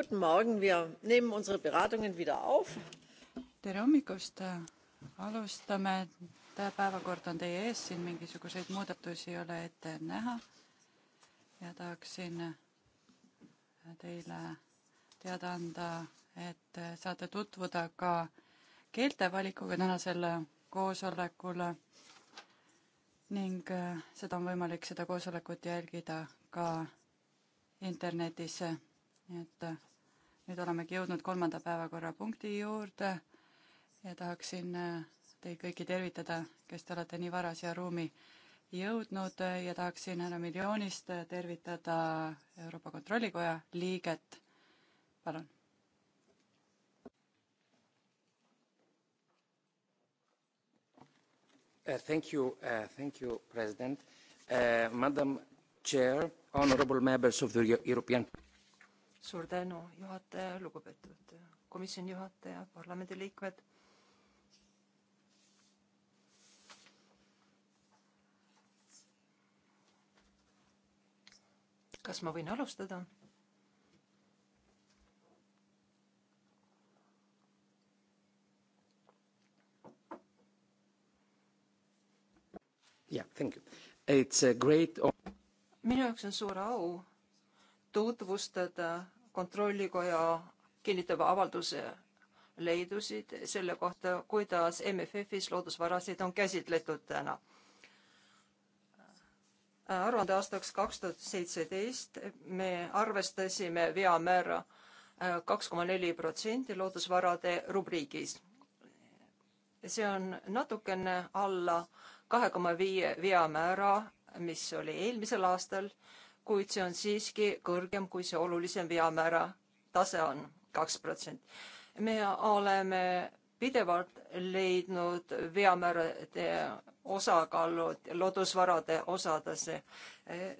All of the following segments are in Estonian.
Guten Morgen. Wir nehmen unsere Beratungen wieder auf. Tere hommikust! Alustame. Päevakord on teie ees. Siin mingisuguseid muudatusi ei ole ette näha. Ja tahaksin teile teada anda, et saate tutvuda ka keeltevalikuga tänasel koosolekul ning seda on võimalik, seda koosolekut jälgida ka internetis. nii et nüüd olemegi jõudnud kolmanda päevakorrapunkti juurde ja tahaksin äh, teid kõiki tervitada, kes te olete nii vara siia ruumi jõudnud ja tahaksin härra Miljonist äh, tervitada Euroopa Kontrollikoja liiget. palun Uh, thank you, uh, thank you, President. Uh, Madam Chair, honorable members of the European suur tänu, juhataja, lugupeetud komisjoni juhataja, parlamendiliikmed. kas ma võin alustada? jah yeah,, thank you. It's a great minu jaoks on suur au tutvustada kontrollikoja kinnitava avalduse leidusid selle kohta, kuidas MFF-is loodusvarasid on käsitletud täna. aruande aastaks kaks tuhat seitseteist me arvestasime veamäära äh, kaks koma neli protsenti loodusvarade rubriigis. see on natukene alla kahe koma viie veamäära, mis oli eelmisel aastal kuid see on siiski kõrgem, kui see olulisem veamäära tase on, kaks protsenti. me oleme pidevalt leidnud veamäärade osakaalu loodusvarade osadesse.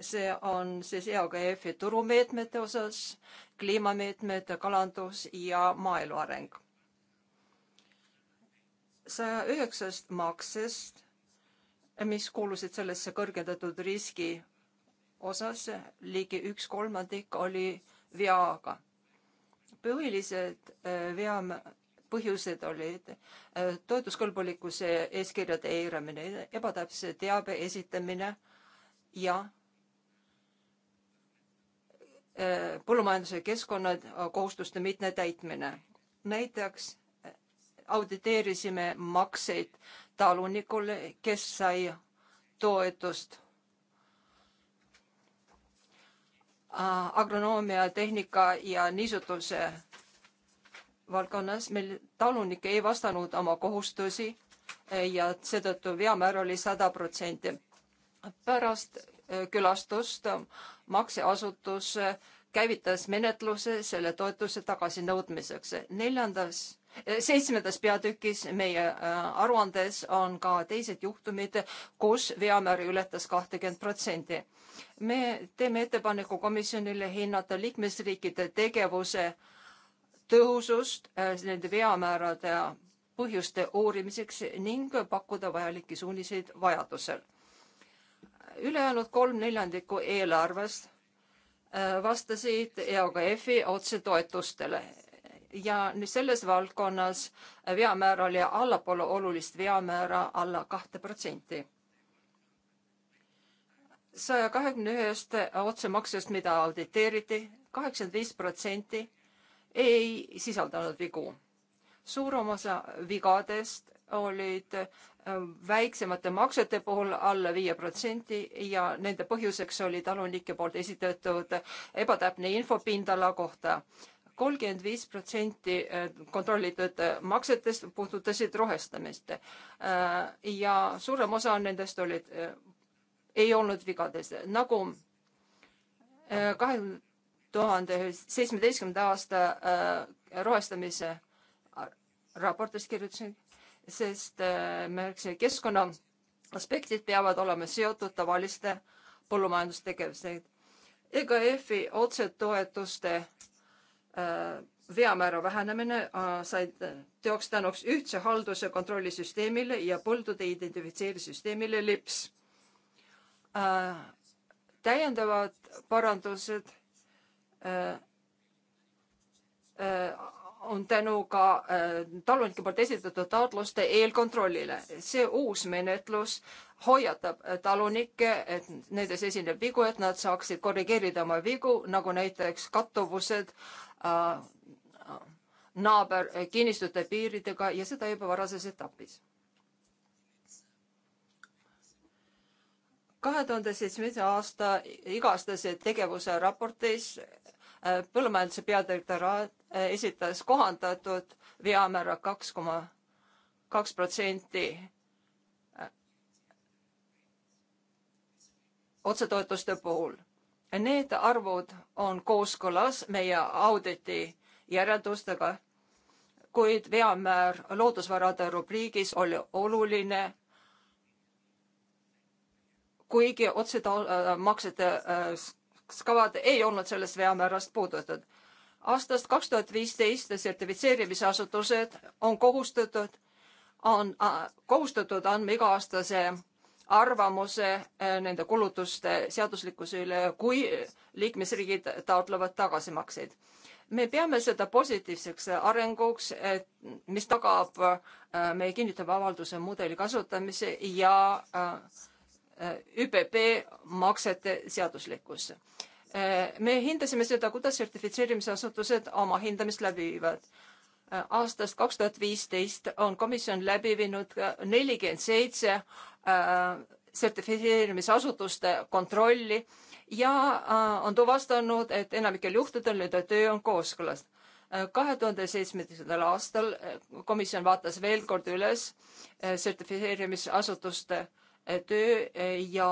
see on siis EAKF-i turumeetmete osas, kliimameetmed, kalandus ja maaelu areng. saja üheksast maksest, mis kuulusid sellesse kõrgendatud riski osas ligi üks kolmandik oli veaga. põhilised eh, vea põhjused olid eh, toetuskõlbulikkuse eeskirjade eiramine, ebatäpse teabe esitamine ja eh, põllumajanduse keskkonnakohustuste mittetäitmine. näiteks auditeerisime makseid talunikule, kes sai toetust Äh, agronoomia, tehnika ja niisutuse valdkonnas meil talunik ei vastanud oma kohustusi äh, ja seetõttu veamäär oli sada protsenti. pärast äh, külastust makseasutus käivitas menetluse selle toetuse tagasinõudmiseks. neljandas seitsmendas peatükis meie äh, aruandes on ka teised juhtumid, kus veamäär ületas kahtekümmet protsenti. me teeme ettepaneku komisjonile hinnata liikmesriikide tegevuse tõhusust äh, nende veamäärade põhjuste uurimiseks ning pakkuda vajalikke suuniseid vajadusel. ülejäänud kolm neljandikku eelarvest äh, vastasid EOKF-i otsetoetustele ja nüüd selles valdkonnas äh, veamäär oli allapoole olulist veamäära alla kahte protsenti. saja kahekümne ühest äh, otsemaksest, mida auditeeriti, kaheksakümmend viis protsenti ei sisaldanud vigu. suurem osa vigadest olid äh, väiksemate maksete puhul alla viie protsendi ja nende põhjuseks oli talunike poolt esitatud ebatäpne info pindala kohta kolmkümmend viis protsenti äh, kontrollitud äh, maksetest puudutasid rohestamist. Äh, ja suurem osa nendest olid, ei olnud vigades, nagu kahe tuhande seitsmeteistkümnenda aasta rohestamise raportis kirjutasin, sest märksin, keskkonna aspektid peavad olema seotud tavaliste põllumajandustegevusega. EGF-i otsetoetuste äh, Äh, veamäära vähenemine äh, sai äh, teoks tänuks ühtse halduse kontrollisüsteemile ja põldude identifitseerisüsteemile LIPS. täiendavad parandused on tänu ka talunike poolt esitatud taotluste eelkontrollile. see uus menetlus hoiatab talunikke, et nendes esineb vigu, et nad saaksid korrigeerida oma vigu, nagu näiteks kattuvused äh, Äh, äh, naaberkinnistute äh, piiridega ja seda juba varases etapis. kahe tuhande seitsmenda aasta igastase tegevuse raportis põllumajanduse peadirektoraat esitas kohandatud veamäära kaks koma kaks protsenti otsetoetuste puhul Need arvud on kooskõlas meie auditi järeldustega, kuid veamäär loodusvarade rubriigis oli oluline, kuigi otsemaksete äh, äh, kavad ei olnud sellest veamäärast puudutud. aastast kaks tuhat viisteist sertifitseerimisasutused on kohustatud, on äh, kohustatud andma iga-aastase arvamuse äh, nende kulutuste seaduslikkuse üle, kui liikmesriigid taotlevad tagasimakseid. me peame seda positiivseks arenguks, et mis tagab äh, meie kinnitava avalduse mudeli kasutamise ja äh, ÜPP maksete seaduslikkus. me hindasime seda, kuidas sertifitseerimisasutused oma hindamist läbi viivad aastast kaks tuhat viisteist on komisjon läbi viinud nelikümmend seitse äh, sertifitseerimisasutuste kontrolli ja äh, on tuvastanud, et enamikel juhtudel nende töö on kooskõlas. Äh, kahe tuhande seitsmeteistkümnendal aastal komisjon vaatas veel kord üles sertifitseerimisasutuste töö ja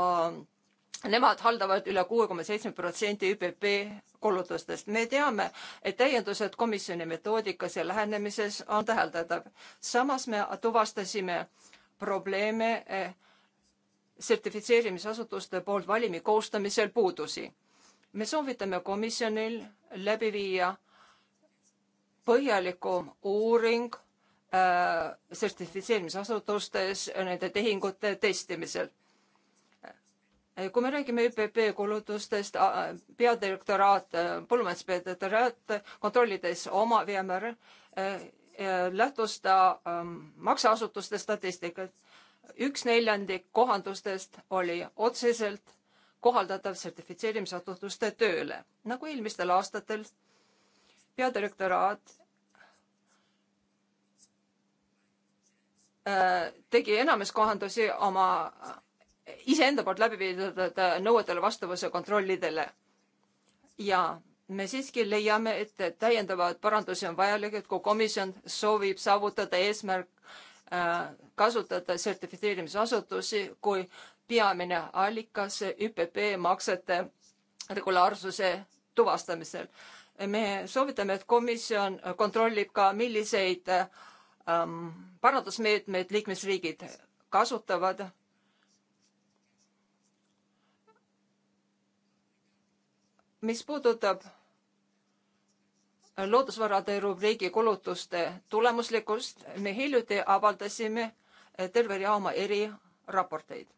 Nemad haldavad üle kuue koma seitsme protsendi ÜPP kulutustest. me teame, et täiendused komisjoni metoodikas ja lähenemises on täheldatav. samas me tuvastasime probleeme eh, sertifitseerimisasutuste poolt valimi koostamisel puudusi. me soovitame komisjonil läbi viia põhjalikum uuring eh, sertifitseerimisasutustes nende tehingute testimisel kui me räägime ÜPP kulutustest, peadirektoraat, äh, põllumajanduspeadirektoraat kontrollides oma veemäära, äh, lähtus ta ähm, makseasutuste statistikat. üks neljandik kohandustest oli otseselt kohaldatav sertifitseerimisasutuste tööle, nagu eelmistel aastatel peadirektoraat äh, tegi enamus kohandusi oma iseenda poolt läbi viidud nõuetele vastavuse kontrollidele. ja me siiski leiame, et täiendavaid parandusi on vajalik, et kui komisjon soovib saavutada eesmärk äh, kasutada sertifitseerimisasutusi kui peamine allikas ÜPP maksete regulaarsuse tuvastamisel. me soovitame, et komisjon kontrollib ka, milliseid ähm, parandusmeetmeid liikmesriigid kasutavad mis puudutab äh, loodusvarade rubriigi kulutuste tulemuslikkust, me hiljuti avaldasime äh, terve rea oma eriraporteid.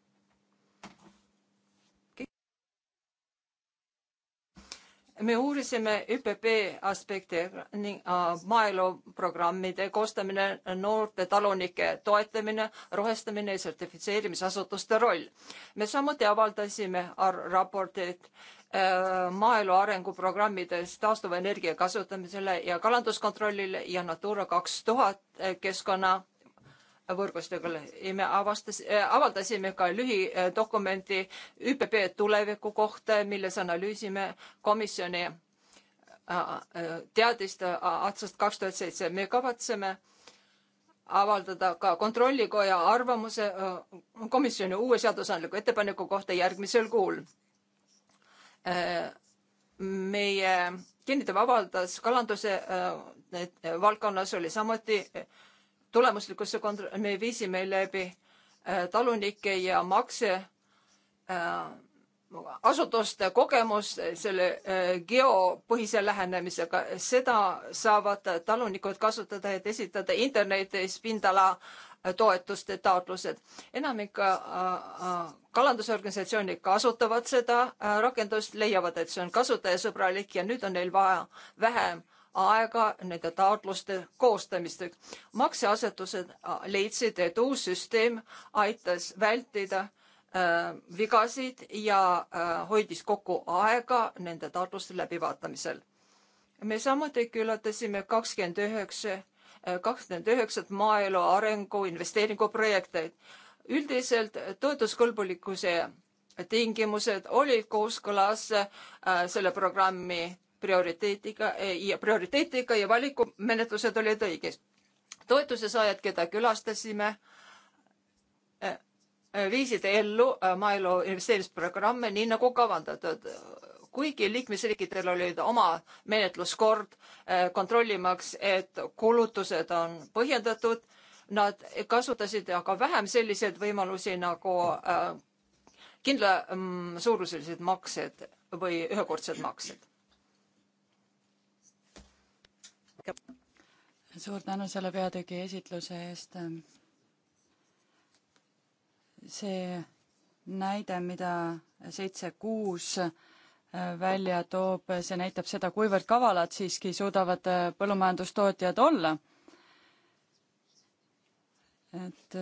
me uurisime ÜPP aspekte ning äh, maaeluprogrammide koostamine, noorte talunike toetamine, rohestamine ja sertifitseerimisasutuste roll. me samuti avaldasime raporteid äh, maaelu arenguprogrammides taastuvenergia kasutamisele ja kalanduskontrollile ja Natura kaks tuhat äh, keskkonna võrgustikul ja me avastas, äh, avaldasime ka lühidokumendi äh, ÜPP tuleviku kohta, milles analüüsime komisjoni äh, teadist aastast kaks tuhat seitse. me kavatseme avaldada ka Kontrollikoja arvamuse komisjoni uue seadusandliku ettepaneku kohta järgmisel kuul. meie kinnitav avaldus kalanduse valdkonnas oli samuti tulemuslikkuse kontrolli me viisime läbi äh, talunike ja makse äh, asutuste kogemus äh, selle geopõhise lähenemisega, seda saavad talunikud kasutada, et esitada internetis pindala toetuste taotlused. enamik kalandusorganisatsioone kasutavad seda rakendust, leiavad, et see on kasutajasõbralik ja nüüd on neil vaja vähem äh, aega nende taotluste koostamiseks. makseasutused äh, leidsid, et uus süsteem aitas vältida äh, vigasid ja äh, hoidis kokku aega nende taotluste läbivaatamisel. me samuti külastasime kakskümmend üheksa, äh, kakskümmend üheksat maaelu arengu investeeringuprojekte. üldiselt toetuskõlbulikkuse tingimused olid kooskõlas äh, selle programmi prioriteetiga eh, ja prioriteetiga ja valikumenetlused olid õiged. toetuse saajad, keda külastasime, eh, eh, viisid ellu maaelu investeerimisprogramme nii nagu kavandatud. kuigi liikmesriikidel olid oma menetluskord kontrollimaks, et kulutused on põhjendatud, nad kasutasid aga vähem selliseid võimalusi nagu kindla mm, suuruselised maksed või ühekordsed maksed suur tänu selle peatüki esitluse eest. see näide, mida seitse kuus välja toob, see näitab seda, kuivõrd kavalad siiski suudavad põllumajandustootjad olla. et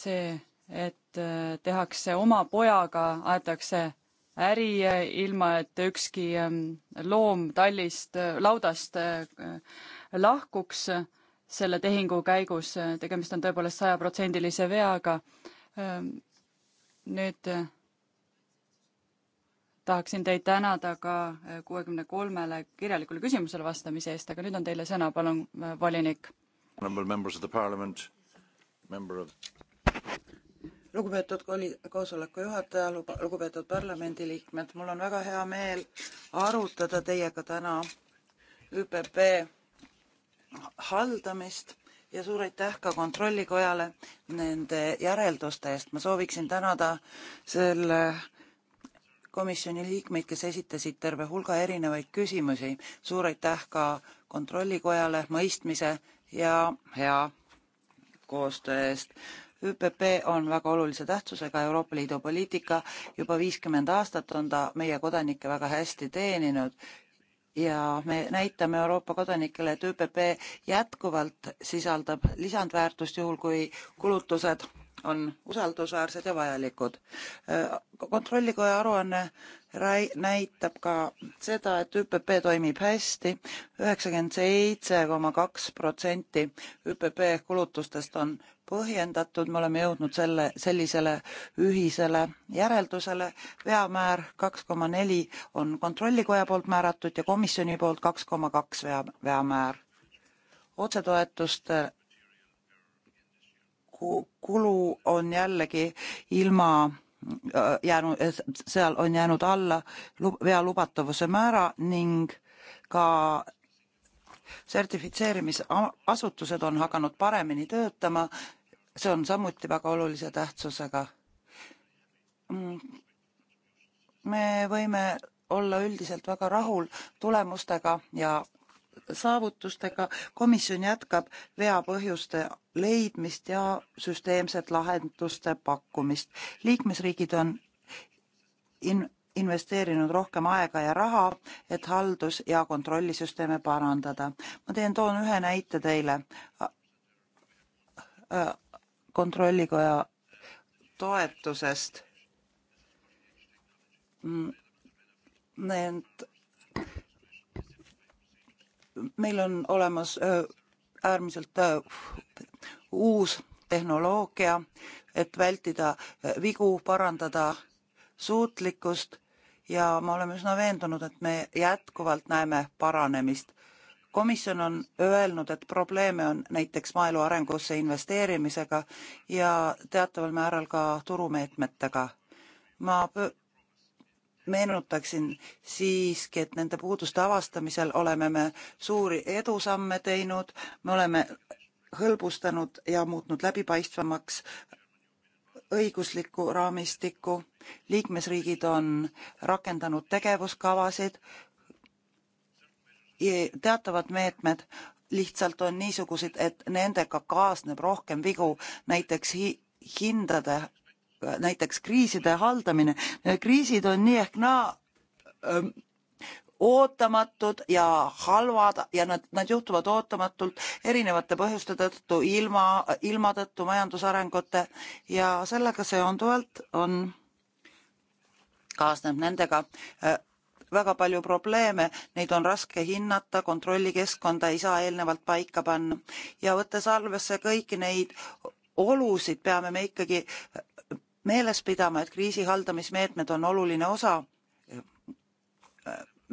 see, et tehakse oma pojaga, aetakse äri, ilma et ükski ähm, loom tallist, äh, laudast äh, lahkuks äh, selle tehingu käigus, tegemist on tõepoolest sajaprotsendilise veaga. Ähm, nüüd tahaksin teid tänada ka kuuekümne kolmele kirjalikule küsimusele vastamise eest, aga nüüd on teile sõna, palun, volinik. Member of the Parliament, member of lugupeetud koosoleku juhataja, lugupeetud parlamendiliikmed, mul on väga hea meel arutada teiega täna ÜPP haldamist ja suur aitäh ka Kontrollikojale nende järelduste eest. ma sooviksin tänada selle komisjoni liikmeid, kes esitasid terve hulga erinevaid küsimusi. suur aitäh ka Kontrollikojale mõistmise ja hea koostöö eest. ÜPP on väga olulise tähtsusega Euroopa Liidu poliitika, juba viiskümmend aastat on ta meie kodanikke väga hästi teeninud ja me näitame Euroopa kodanikele, et ÜPP jätkuvalt sisaldab lisandväärtust, juhul kui kulutused on usaldusväärsed ja vajalikud. Äh, kontrollikoja aruanne näitab ka seda, et ÜPP toimib hästi, üheksakümmend seitse koma kaks protsenti ÜPP kulutustest on põhjendatud, me oleme jõudnud selle, sellisele ühisele järeldusele, veamäär kaks koma neli on kontrollikoja poolt määratud ja komisjoni poolt kaks koma kaks vea, veamäär otsetoetuste kulu on jällegi ilma äh, jäänud, äh, seal on jäänud alla vea lubatavuse määra ning ka sertifitseerimisasutused on hakanud paremini töötama. see on samuti väga olulise tähtsusega. Mm, me võime olla üldiselt väga rahul tulemustega ja saavutustega. komisjon jätkab vea põhjuste leidmist ja süsteemset lahenduste pakkumist. liikmesriigid on in-, investeerinud rohkem aega ja raha, et haldus- ja kontrollisüsteeme parandada. ma teen, toon ühe näite teile. kontrollikoja toetusest. Mm, Need meil on olemas äärmiselt uus tehnoloogia, et vältida vigu, parandada suutlikkust ja ma olen üsna veendunud, et me jätkuvalt näeme paranemist. komisjon on öelnud, et probleeme on näiteks maaelu arengusse investeerimisega ja teataval määral ka turumeetmetega. ma meenutaksin siiski, et nende puuduste avastamisel oleme me suuri edusamme teinud, me oleme hõlbustanud ja muutnud läbipaistvamaks õiguslikku raamistikku, liikmesriigid on rakendanud tegevuskavasid, teatavad meetmed lihtsalt on niisugused, et nendega kaasneb rohkem vigu, näiteks hindade näiteks kriiside haldamine. kriisid on nii ehk naa öö, ootamatud ja halvad ja nad, nad juhtuvad ootamatult erinevate põhjuste tõttu, ilma, ilma tõttu majandusarengute ja sellega seonduvalt on, kaasneb nendega väga palju probleeme, neid on raske hinnata, kontrollikeskkonda ei saa eelnevalt paika panna ja võttes arvesse kõiki neid olusid, peame me ikkagi meeles pidama, et kriisi haldamismeetmed on oluline osa eh,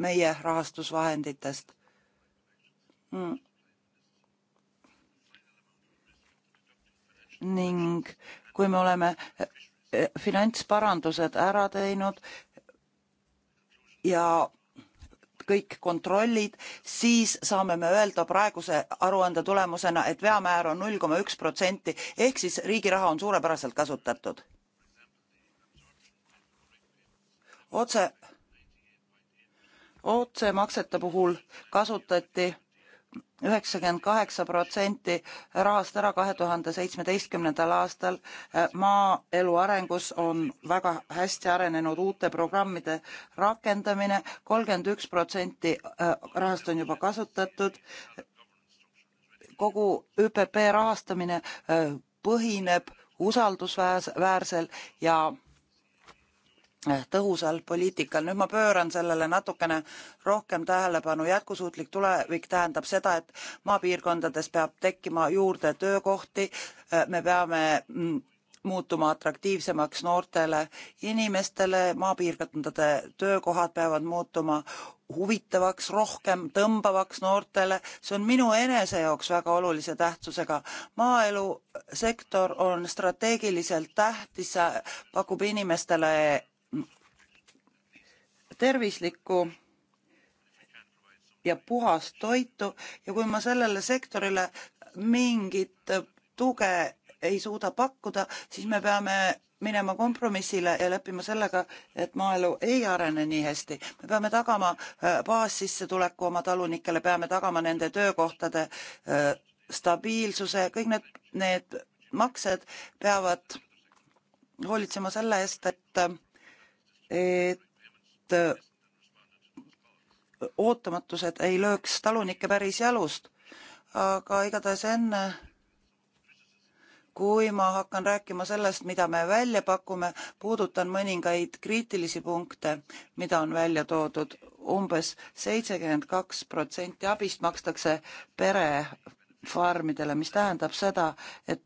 meie rahastusvahenditest. Mm. ning kui me oleme eh, eh, finantsparandused ära teinud ja kõik kontrollid, siis saame me öelda praeguse aruande tulemusena, et veamäär on null koma üks protsenti ehk siis riigi raha on suurepäraselt kasutatud otse, otsemaksete puhul kasutati üheksakümmend kaheksa protsenti rahast ära kahe tuhande seitsmeteistkümnendal aastal. maaelu arengus on väga hästi arenenud uute programmide rakendamine, kolmkümmend üks protsenti äh, rahast on juba kasutatud. kogu ÜPP rahastamine äh, põhineb usaldusväärsel ja Eh, tõhusal poliitikal. nüüd ma pööran sellele natukene rohkem tähelepanu. jätkusuutlik tulevik tähendab seda, et maapiirkondades peab tekkima juurde töökohti, eh, me peame mm, muutuma atraktiivsemaks noortele inimestele, maapiirkondade töökohad peavad muutuma huvitavaks, rohkem tõmbavaks noortele, see on minu enese jaoks väga olulise tähtsusega. maaelusektor on strateegiliselt tähtis, pakub inimestele tervislikku ja puhast toitu ja kui ma sellele sektorile mingit tuge ei suuda pakkuda, siis me peame minema kompromissile ja leppima sellega, et maaelu ei arene nii hästi. me peame tagama äh, baassissetuleku oma talunikele, peame tagama nende töökohtade äh, stabiilsuse, kõik need, need maksed peavad hoolitsema selle eest, et, äh, et et äh, ootamatused ei lööks talunikke päris jalust. aga igatahes enne, kui ma hakkan rääkima sellest, mida me välja pakume, puudutan mõningaid kriitilisi punkte, mida on välja toodud umbes. umbes seitsekümmend kaks protsenti abist makstakse perefarmidele, mis tähendab seda, et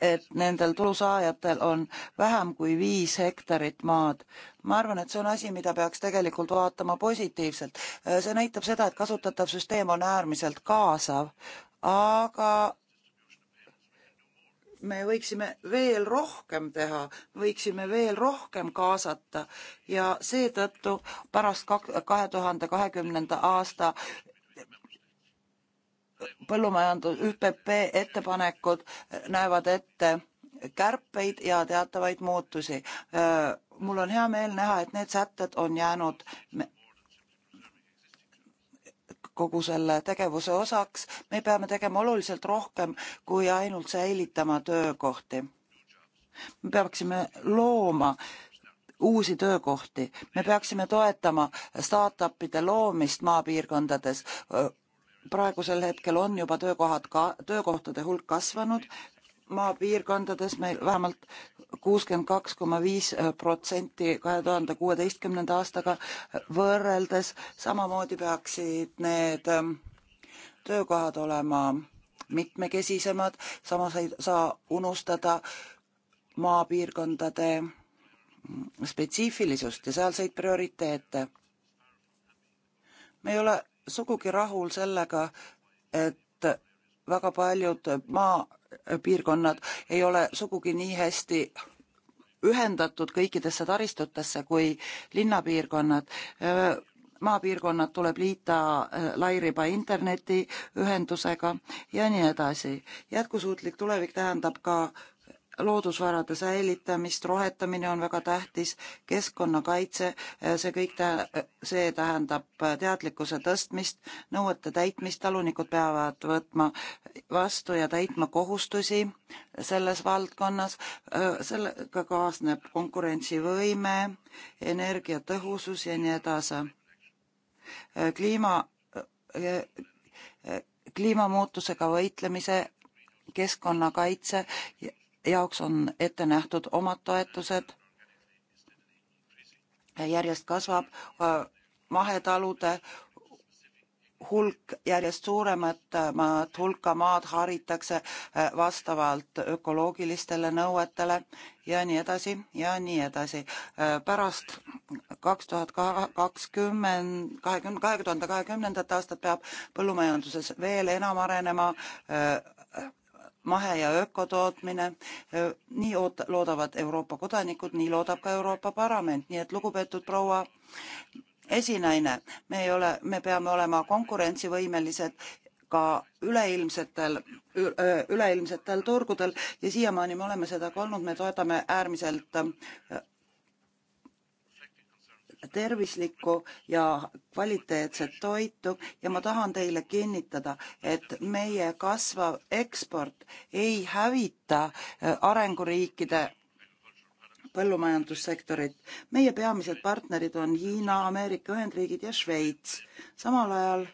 et nendel tulusaajatel on vähem kui viis hektarit maad. ma arvan, et see on asi, mida peaks tegelikult vaatama positiivselt. Äh, see näitab seda, et kasutatav süsteem on äärmiselt kaasav, aga me võiksime veel rohkem teha, võiksime veel rohkem kaasata ja seetõttu pärast kahe tuhande kahekümnenda aasta põllumajandus, ÜPP ettepanekud näevad ette kärpeid ja teatavaid muutusi. Äh, mul on hea meel näha, et need sätted on jäänud kogu selle tegevuse osaks. me peame tegema oluliselt rohkem kui ainult säilitama töökohti. me peaksime looma uusi töökohti, me peaksime toetama startup'ide loomist maapiirkondades, äh, praegusel hetkel on juba töökohad ka, töökohtade hulk kasvanud, maapiirkondades meil vähemalt kuuskümmend kaks koma viis protsenti kahe tuhande kuueteistkümnenda aastaga võrreldes, samamoodi peaksid need ähm, töökohad olema mitmekesisemad, samas ei saa unustada maapiirkondade mm, spetsiifilisust ja sealseid prioriteete. me ei ole sugugi rahul sellega, et väga paljud maapiirkonnad ei ole sugugi nii hästi ühendatud kõikidesse taristutesse kui linnapiirkonnad. maapiirkonnad tuleb liita äh, lairiba internetiühendusega ja nii edasi. jätkusuutlik tulevik tähendab ka loodusvarade säilitamist, rohetamine on väga tähtis, keskkonnakaitse, eh, see kõik tä-, see tähendab eh, teadlikkuse tõstmist, nõuete täitmist, talunikud peavad võtma vastu ja täitma kohustusi selles valdkonnas, eh, sellega kaasneb konkurentsivõime, energiatõhusus ja nii edasi. kliima, kliimamuutusega võitlemise keskkonnakaitse jaoks on ette nähtud omad toetused. Järjest kasvab äh, mahetalude hulk järjest suuremat äh, maad, hulka maad haritakse äh, vastavalt ökoloogilistele nõuetele ja nii edasi ja nii edasi. pärast kaks tuhat kakskümmend, kahekümne, kahe tuhande kahekümnendat aastat peab põllumajanduses veel enam arenema mahe- ja ökotootmine, nii oot-, loodavad Euroopa kodanikud, nii loodab ka Euroopa Parlament, nii et lugupeetud proua esinaine, me ei ole, me peame olema konkurentsivõimelised ka üleilmsetel, üleilmsetel turgudel ja siiamaani me oleme seda ka olnud, me toetame äärmiselt tervislikku ja kvaliteetset toitu ja ma tahan teile kinnitada, et meie kasvav eksport ei hävita äh, arenguriikide põllumajandussektorit. meie peamised partnerid on Hiina, Ameerika Ühendriigid ja Šveits. samal ajal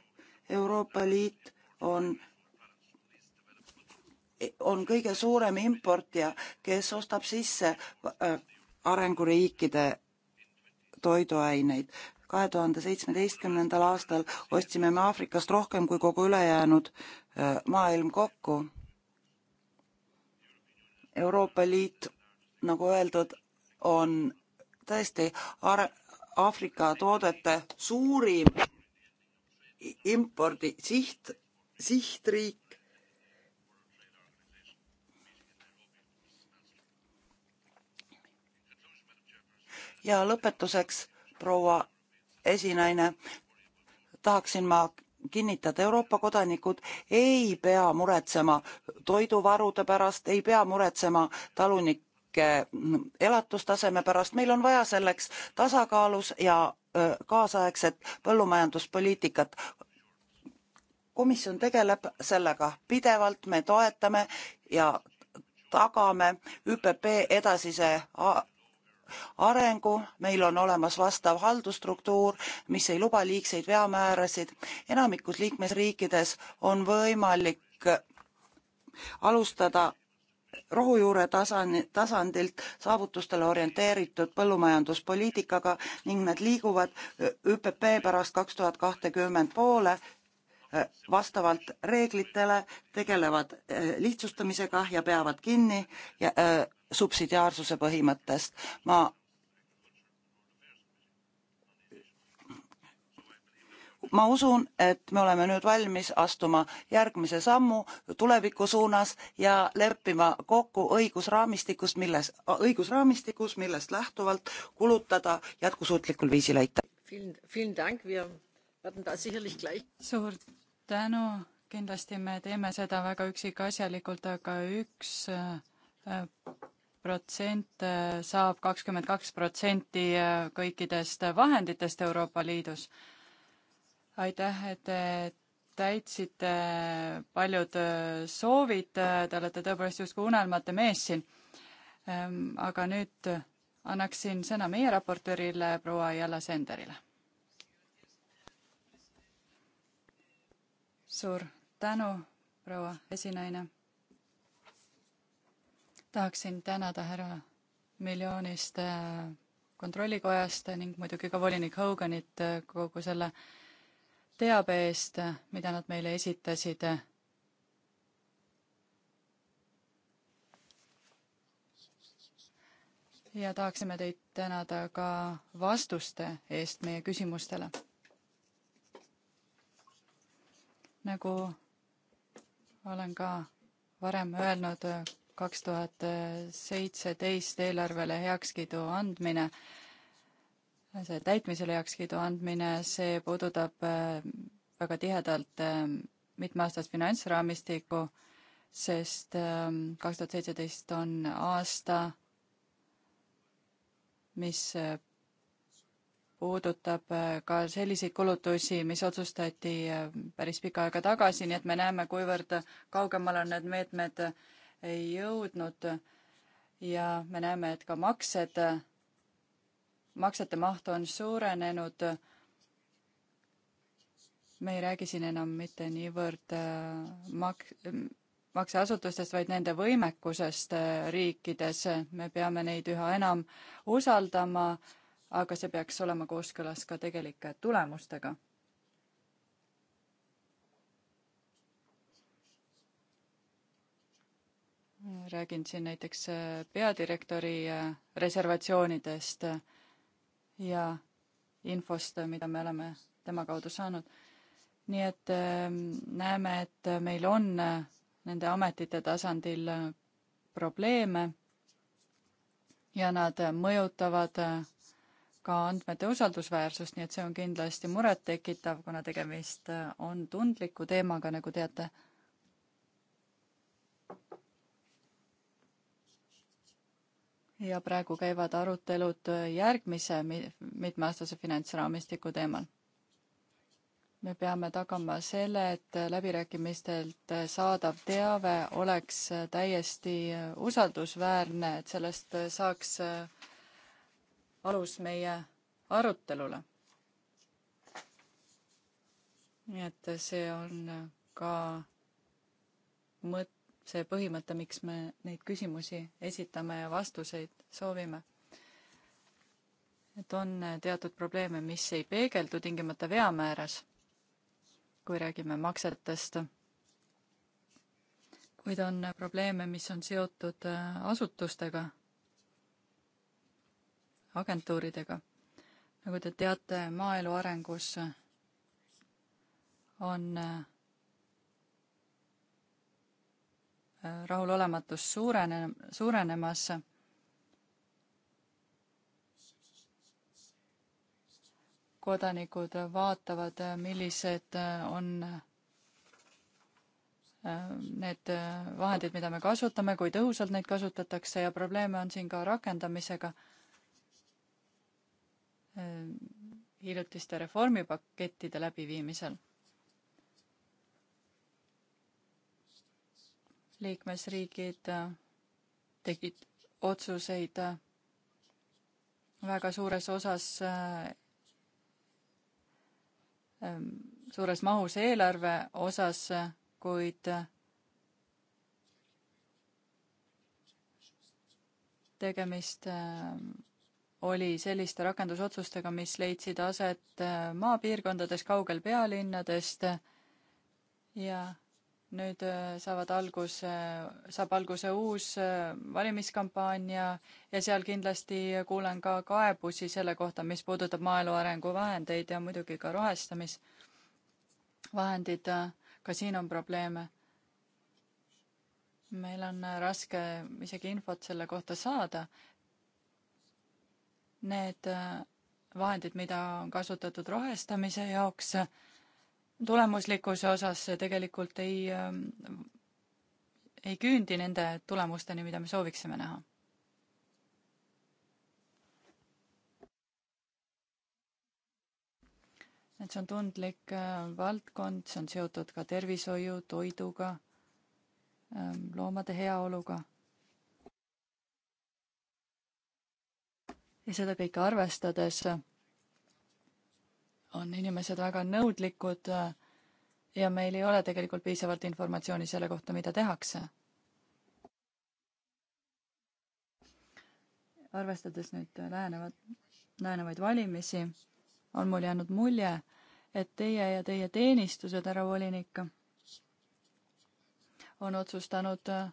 Euroopa Liit on on kõige suurem importija, kes ostab sisse äh, arenguriikide toiduaineid. kahe tuhande seitsmeteistkümnendal aastal ostsime me Aafrikast rohkem kui kogu ülejäänud äh, maailm kokku. Euroopa Liit, nagu öeldud, on tõesti Aafrika toodete suurim impordi siht, sihtriik ja lõpetuseks, proua esinaine, tahaksin ma kinnitada, Euroopa kodanikud ei pea muretsema toiduvarude pärast, ei pea muretsema talunike elatustaseme pärast, meil on vaja selleks tasakaalus ja kaasaegset põllumajanduspoliitikat. komisjon tegeleb sellega pidevalt, me toetame ja tagame ÜPP edasise arengu, meil on olemas vastav haldusstruktuur, mis ei luba liigseid veamäärasid. enamikus liikmesriikides on võimalik alustada rohujuure tasand, tasandilt saavutustele orienteeritud põllumajanduspoliitikaga ning nad liiguvad ÜPP pärast kaks tuhat kahtekümmend poole eh, vastavalt reeglitele, tegelevad eh, lihtsustamisega ja peavad kinni ja, äh, subsidiaarsuse põhimõttest. Ma ma usun, et me oleme nüüd valmis astuma järgmise sammu tuleviku suunas ja leppima kokku õigusraamistikus, milles, õigusraamistikus, millest lähtuvalt kulutada jätkusuutlikul viisil aitäh. suur tänu, kindlasti me teeme seda väga üksikasjalikult, aga üks äh, protsent äh, saab kakskümmend kaks protsenti äh, kõikidest vahenditest Euroopa Liidus. aitäh, et te täitsite paljud äh, soovid, te olete tõepoolest justkui unelmate mees siin. Ähm, aga nüüd annaksin sõna meie raportöörile, proua Jalla Senderile. suur tänu, proua esinaine tahaksin tänada härra Miljonist äh, kontrollikojast ning muidugi ka volinik Hoganit äh, kogu selle teabe eest, äh, mida nad meile esitasid. ja tahaksime teid tänada ka vastuste eest meie küsimustele. nagu olen ka varem öelnud, kaks tuhat seitseteist eelarvele heakskiidu andmine, see täitmisele heakskiidu andmine, see puudutab äh, väga tihedalt äh, mitmeaastast finantsraamistikku, sest ähm, kaks tuhat seitseteist on aasta, mis äh, puudutab ka selliseid kulutusi, mis otsustati päris pikka aega tagasi, nii et me näeme, kuivõrd kaugemal on need meetmed meet ei jõudnud ja me näeme, et ka maksed, maksete maht on suurenenud. me ei räägi siin enam mitte niivõrd äh, mak-, makseasutustest, vaid nende võimekusest äh, riikides. me peame neid üha enam usaldama, aga see peaks olema kooskõlas ka tegelike tulemustega räägin siin näiteks äh, peadirektori äh, reservatsioonidest äh, ja infost, mida me oleme tema kaudu saanud. nii et ähm, näeme, et meil on nende ametite tasandil probleeme ja nad mõjutavad ka andmete usaldusväärsust, nii et see on kindlasti murettekitav, kuna tegemist on tundliku teemaga, nagu teate ja praegu käivad arutelud järgmise mitmeaastase finantsraamistiku teemal. me peame tagama selle, et läbirääkimistelt saadav teave oleks täiesti usaldusväärne, et sellest saaks alus meie arutelule. nii et see on ka mõte see põhimõte, miks me neid küsimusi esitame ja vastuseid soovime. et on teatud probleeme, mis ei peegeldu tingimata veamääras, kui räägime maksetest. kuid on probleeme, mis on seotud äh, asutustega, agentuuridega. nagu te teate, maaelu arengus on äh, rahulolematus suurene, suurenemas. kodanikud vaatavad, millised on äh, need vahendid, mida me kasutame, kui tõhusalt neid kasutatakse ja probleeme on siin ka rakendamisega. Äh, hiljutiste reformipakettide läbiviimisel liikmesriigid äh, tegid otsuseid äh, väga suures osas, äh, ähm, suures mahus eelarve osas, kuid tegemist oli selliste rakendusotsustega, mis leidsid aset maapiirkondades kaugel pealinnadest ja nüüd äh, saavad alguse, saab alguse uus äh, valimiskampaania ja seal kindlasti kuulen ka kaebusi selle kohta, mis puudutab maaelu arenguvahendeid ja muidugi ka rohestamisvahendid. Äh, ka siin on probleeme. meil on raske isegi infot selle kohta saada. Need vahendid, mida on kasutatud rohestamise jaoks, tulemuslikkuse osas tegelikult ei, ähm, ei küündi nende tulemusteni, mida me sooviksime näha. et see on tundlik äh, valdkond, see on seotud ka tervishoiu, toiduga, ähm, loomade heaoluga. ja seda kõike arvestades on inimesed väga nõudlikud äh, ja meil ei ole tegelikult piisavalt informatsiooni selle kohta, mida tehakse. arvestades nüüd lähenevat, lähenevaid valimisi, on mul jäänud mulje, et teie ja teie teenistused, härra volinik, on otsustanud äh,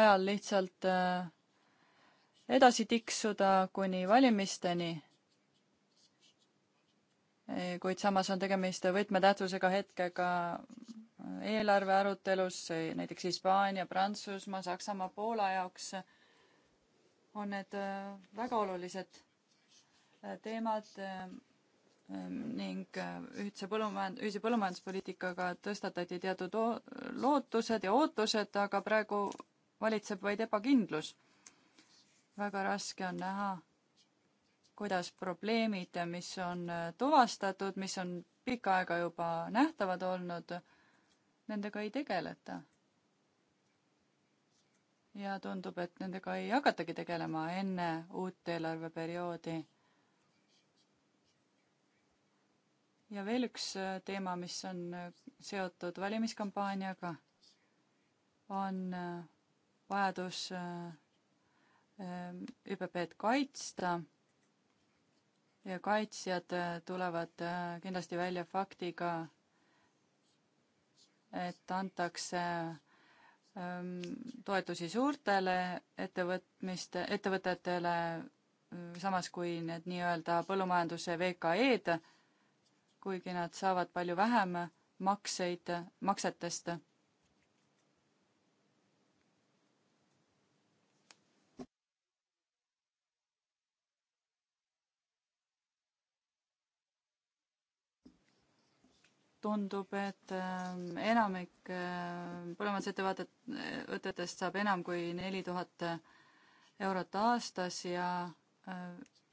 ajal lihtsalt äh, edasi tiksuda kuni valimisteni kuid samas on tegemist võtmetähtsusega hetkega eelarve arutelus, näiteks Hispaania, Prantsusmaa, Saksamaa, Poola jaoks on need äh, väga olulised äh, teemad äh, ning ühtse põllumajand-, ühise põllumajanduspoliitikaga tõstatati teatud lootused ja ootused, aga praegu valitseb vaid ebakindlus. väga raske on näha kuidas probleemid, mis on äh, tuvastatud, mis on pikka aega juba nähtavad olnud, nendega ei tegeleta. ja tundub, et nendega ei hakatagi tegelema enne uut eelarveperioodi. ja veel üks äh, teema, mis on äh, seotud valimiskampaaniaga, on vajadus ÜPP-d kaitsta ja kaitsjad äh, tulevad äh, kindlasti välja faktiga, et antakse ähm, toetusi suurtele ettevõtmiste, ettevõtetele, äh, samas kui need nii-öelda põllumajanduse VKE-d, kuigi nad saavad palju vähem makseid, maksetest tundub, et ähm, enamik ähm, põllumajandusettevõtetest saab enam kui neli tuhat eurot aastas ja äh,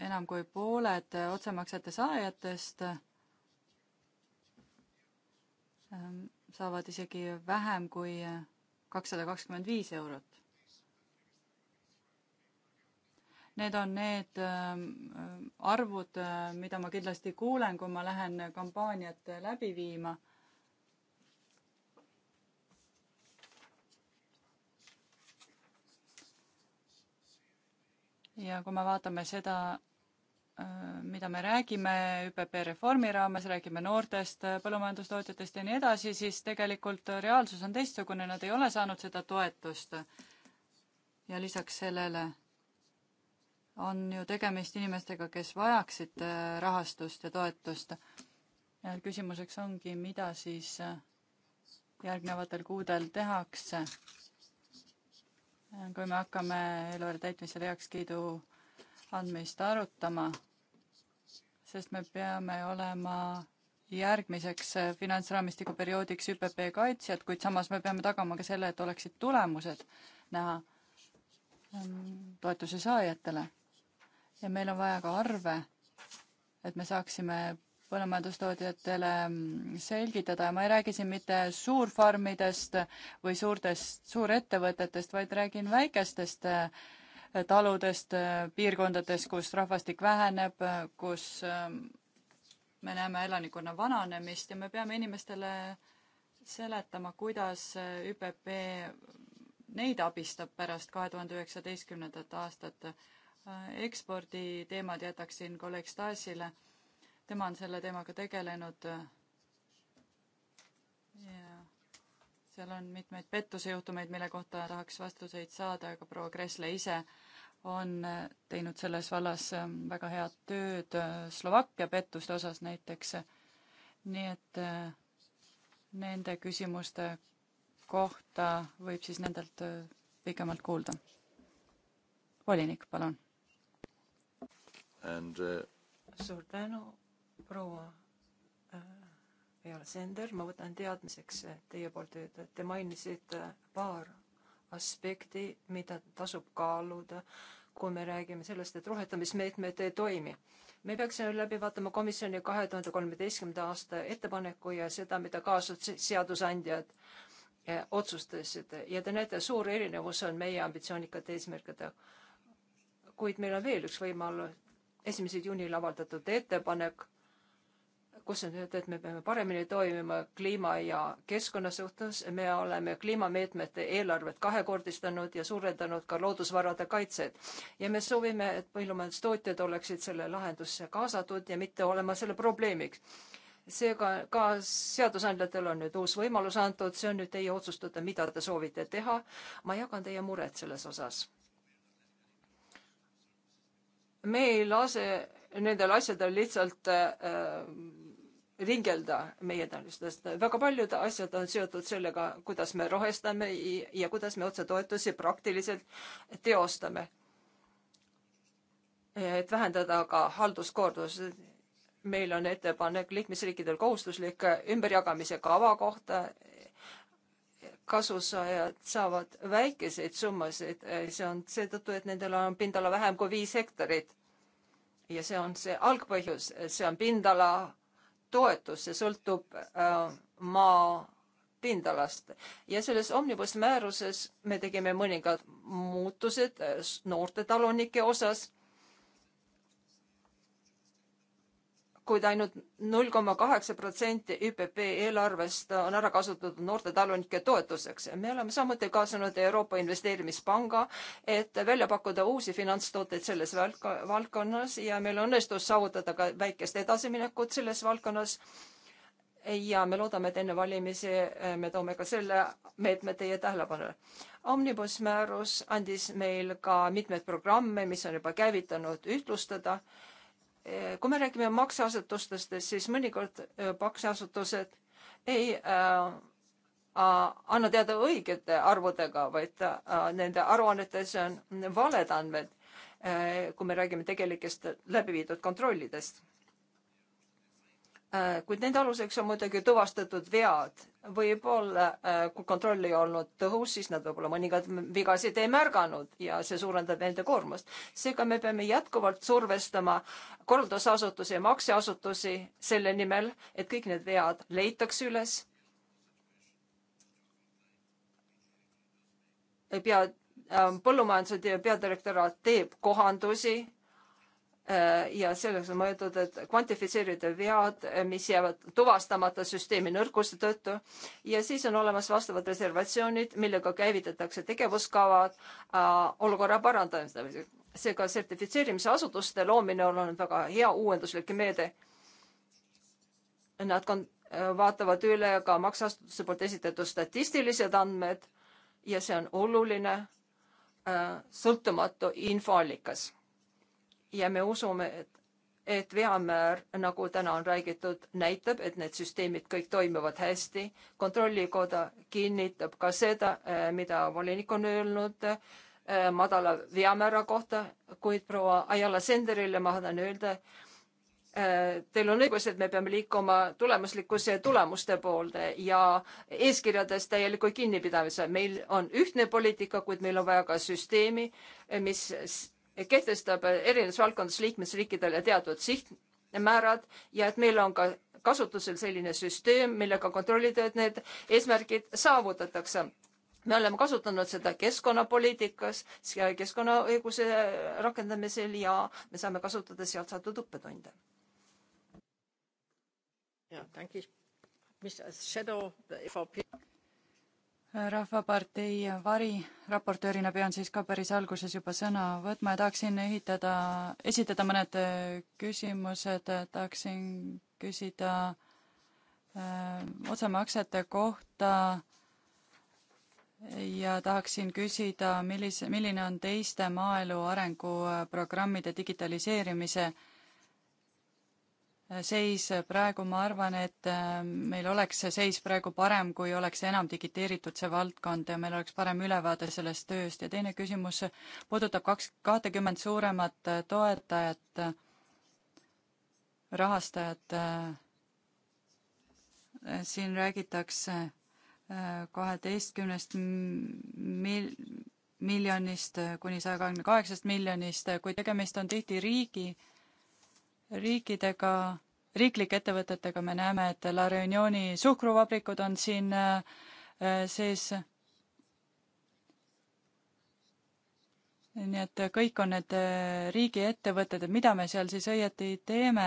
enam kui pooled otsemaksete saajatest ähm, saavad isegi vähem kui kakssada kakskümmend viis eurot. Need on need ähm, arvud, äh, mida ma kindlasti kuulen, kui ma lähen kampaaniat läbi viima. ja kui me vaatame seda, äh, mida me räägime ÜPP reformi raames, räägime noortest äh, põllumajandustootjatest ja nii edasi, siis tegelikult reaalsus on teistsugune, nad ei ole saanud seda toetust. ja lisaks sellele on ju tegemist inimestega, kes vajaksid äh, rahastust ja toetust. ja küsimuseks ongi, mida siis äh, järgnevatel kuudel tehakse? kui me hakkame eelarve täitmisele heakskiidu andmist arutama, sest me peame olema järgmiseks äh, finantsraamistiku perioodiks ÜPP kaitsjad, kuid samas me peame tagama ka selle, et oleksid tulemused näha ähm, toetuse saajatele ja meil on vaja ka arve, et me saaksime põllumajandustootjatele mm, selgitada ja ma ei räägi siin mitte suurfarmidest või suurtest, suurettevõtetest, vaid räägin väikestest eh, taludest, eh, piirkondadest, kus rahvastik väheneb, kus eh, me näeme elanikkonna vananemist ja me peame inimestele seletama, kuidas ÜPP neid abistab pärast kahe tuhande üheksateistkümnendat aastat Äh, eksporditeemad jätaksin kolleeg Stasile. tema on selle teemaga tegelenud. Äh, ja seal on mitmeid pettusejuhtumeid, mille kohta tahaks vastuseid saada, aga proua Kressle ise on äh, teinud selles vallas väga head tööd Slovakkia pettuste osas näiteks. nii et nende küsimuste kohta võib siis nendelt pikemalt kuulda. volinik, palun and uh... suur tänu, proua äh, Viola Sender, ma võtan teadmiseks teie poolt öelda, et te mainisite paar aspekti, mida tasub kaaluda, kui me räägime sellest, et rohetamismeetmed ei toimi. me peaksime läbi vaatama komisjoni kahe tuhande kolmeteistkümnenda aasta ettepaneku ja seda, mida kaasas seadusandjad äh, otsustasid ja te näete, suur erinevus on meie ambitsioonikate eesmärkidega kuid meil on veel üks võimalus, esimesel juunil avaldatud ettepanek, kus on öeldud, et me peame paremini toimima kliima ja keskkonna suhtes. me oleme kliimameetmete eelarvet kahekordistanud ja suurendanud ka loodusvarade kaitset ja me soovime, et põllumajandustootjad oleksid selle lahendusse kaasatud ja mitte olema selle probleemiks seega ka seadusandjatel on nüüd uus võimalus antud, see on nüüd teie otsustada, mida te soovite teha. ma jagan teie muret selles osas me ei lase nendel asjadel lihtsalt äh, ringelda meie tõenäoliselt. väga paljud asjad on seotud sellega, kuidas me rohestame ja kuidas me otsetoetusi praktiliselt teostame. et vähendada ka halduskoormust. meil on ettepanek liikmesriikidel kohustuslik ümberjagamise kava kohta, kasusaajad saavad väikeseid summasid, eh, see on seetõttu, et nendel on pindala vähem kui viis hektarit. ja see on see algpõhjus, see on pindala toetus, see sõltub äh, maa pindalast ja selles omnibus määruses me tegime mõningad muutused eh, noorte talunike osas kuid ainult null koma kaheksa protsenti ÜPP eelarvest on ära kasutatud noorte talunike toetuseks. me oleme samuti kaasanud Euroopa Investeerimispanga, et välja pakkuda uusi finantstooteid selles valdkonnas ja meil õnnestus saavutada ka väikest edasiminekut selles valdkonnas ja me loodame, et enne valimisi eh, me toome ka selle meetme teie tähelepanule. Omnibus määrus andis meil ka mitmeid programme, mis on juba käivitanud, ühtlustada äh, Eh, kui me räägime makseasutustest, siis mõnikord makseasutused eh, ei äh, anna teada õigete arvudega, vaid äh, nende aruannetes on valed andmed äh,, kui me räägime tegelikest läbiviidud kontrollidest. Äh, kuid nende aluseks on muidugi tuvastatud vead. võib-olla äh, kui kontroll ei olnud tõhus, siis nad võib-olla mõningaid vigasid ei märganud ja see suurendab nende koormust. seega me peame jätkuvalt survestama korraldusasutusi ja makseasutusi selle nimel, et kõik need vead leitakse üles. pea, äh, põllumajanduse peadirektoraat teeb kohandusi Äh, ja selleks on mõeldud, et kvantifitseerida vead, äh, mis jäävad tuvastamata süsteemi nõrkuste tõttu ja siis on olemas vastavad reservatsioonid, millega käivitatakse tegevuskavad äh, olukorra parandamiseks. seega sertifitseerimise asutuste loomine on olnud väga hea uuenduslik meede. Nad vaatavad üle ka makseasutuse poolt esitatud statistilised andmed ja see on oluline sõltumatu infoallikas ja me usume, et, et veamäär, nagu täna on räägitud, näitab, et need süsteemid kõik toimivad hästi. kontrollikoda kinnitab ka seda, eh, mida volinik on öelnud eh, madala veamäära kohta, kuid proua Ajala Senderile ma tahan öelda, eh, Teil on õigus, et me peame liikuma tulemuslikkuse ja tulemuste poolde ja eeskirjades täieliku kinnipidamise. meil on ühtne poliitika, kuid meil on vaja ka süsteemi, mis kehtestab erinevates valdkondades liikmesriikidele teatud sihtmäärad ja et meil on ka kasutusel selline süsteem, millega kontrollida, et need eesmärgid saavutatakse. me oleme kasutanud seda keskkonnapoliitikas, keskkonnaõiguse rakendamisel ja me saame kasutada sealt saadud õppetunde. ja, tänki. mis shadow EVP? rahvapartei variraportöörina pean siis ka päris alguses juba sõna võtma ja tahaksin ehitada, esitada mõned äh, küsimused, tahaksin küsida äh, otsemaksete kohta ja tahaksin küsida, millise, milline on teiste maaelu arenguprogrammide digitaliseerimise äh, seis praegu, ma arvan, et äh, meil oleks see seis praegu parem, kui oleks enam digiteeritud see valdkond ja meil oleks parem ülevaade sellest tööst ja teine küsimus puudutab kaks, kahtekümmet suuremat äh, toetajat, äh, rahastajat. siin räägitakse kaheteistkümnest mil-, miljonist kuni saja kahekümne kaheksast miljonist, kui tegemist on tihti riigi riikidega, riiklike ettevõtetega me näeme, et La Reunioni suhkruvabrikud on siin äh, äh, sees. nii et kõik on need äh, riigiettevõtted, et mida me seal siis õieti teeme.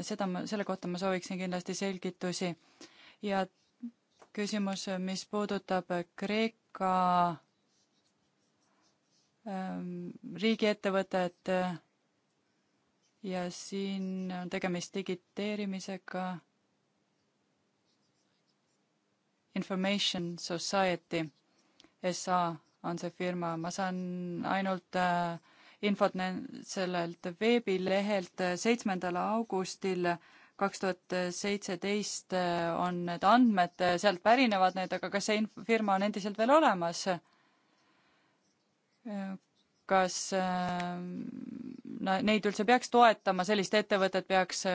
seda ma, selle kohta ma sooviksin kindlasti selgitusi. ja küsimus, mis puudutab Kreeka ähm, riigiettevõtet et ja siin on tegemist digiteerimisega. Information Society SA on see firma, ma saan ainult äh, infot sellelt veebilehelt seitsmendal augustil kaks tuhat seitseteist äh, on need andmed, äh, sealt pärinevad need, aga kas see firma on endiselt veel olemas? Äh, kas äh, neid üldse peaks toetama, sellist ettevõtet peaks äh,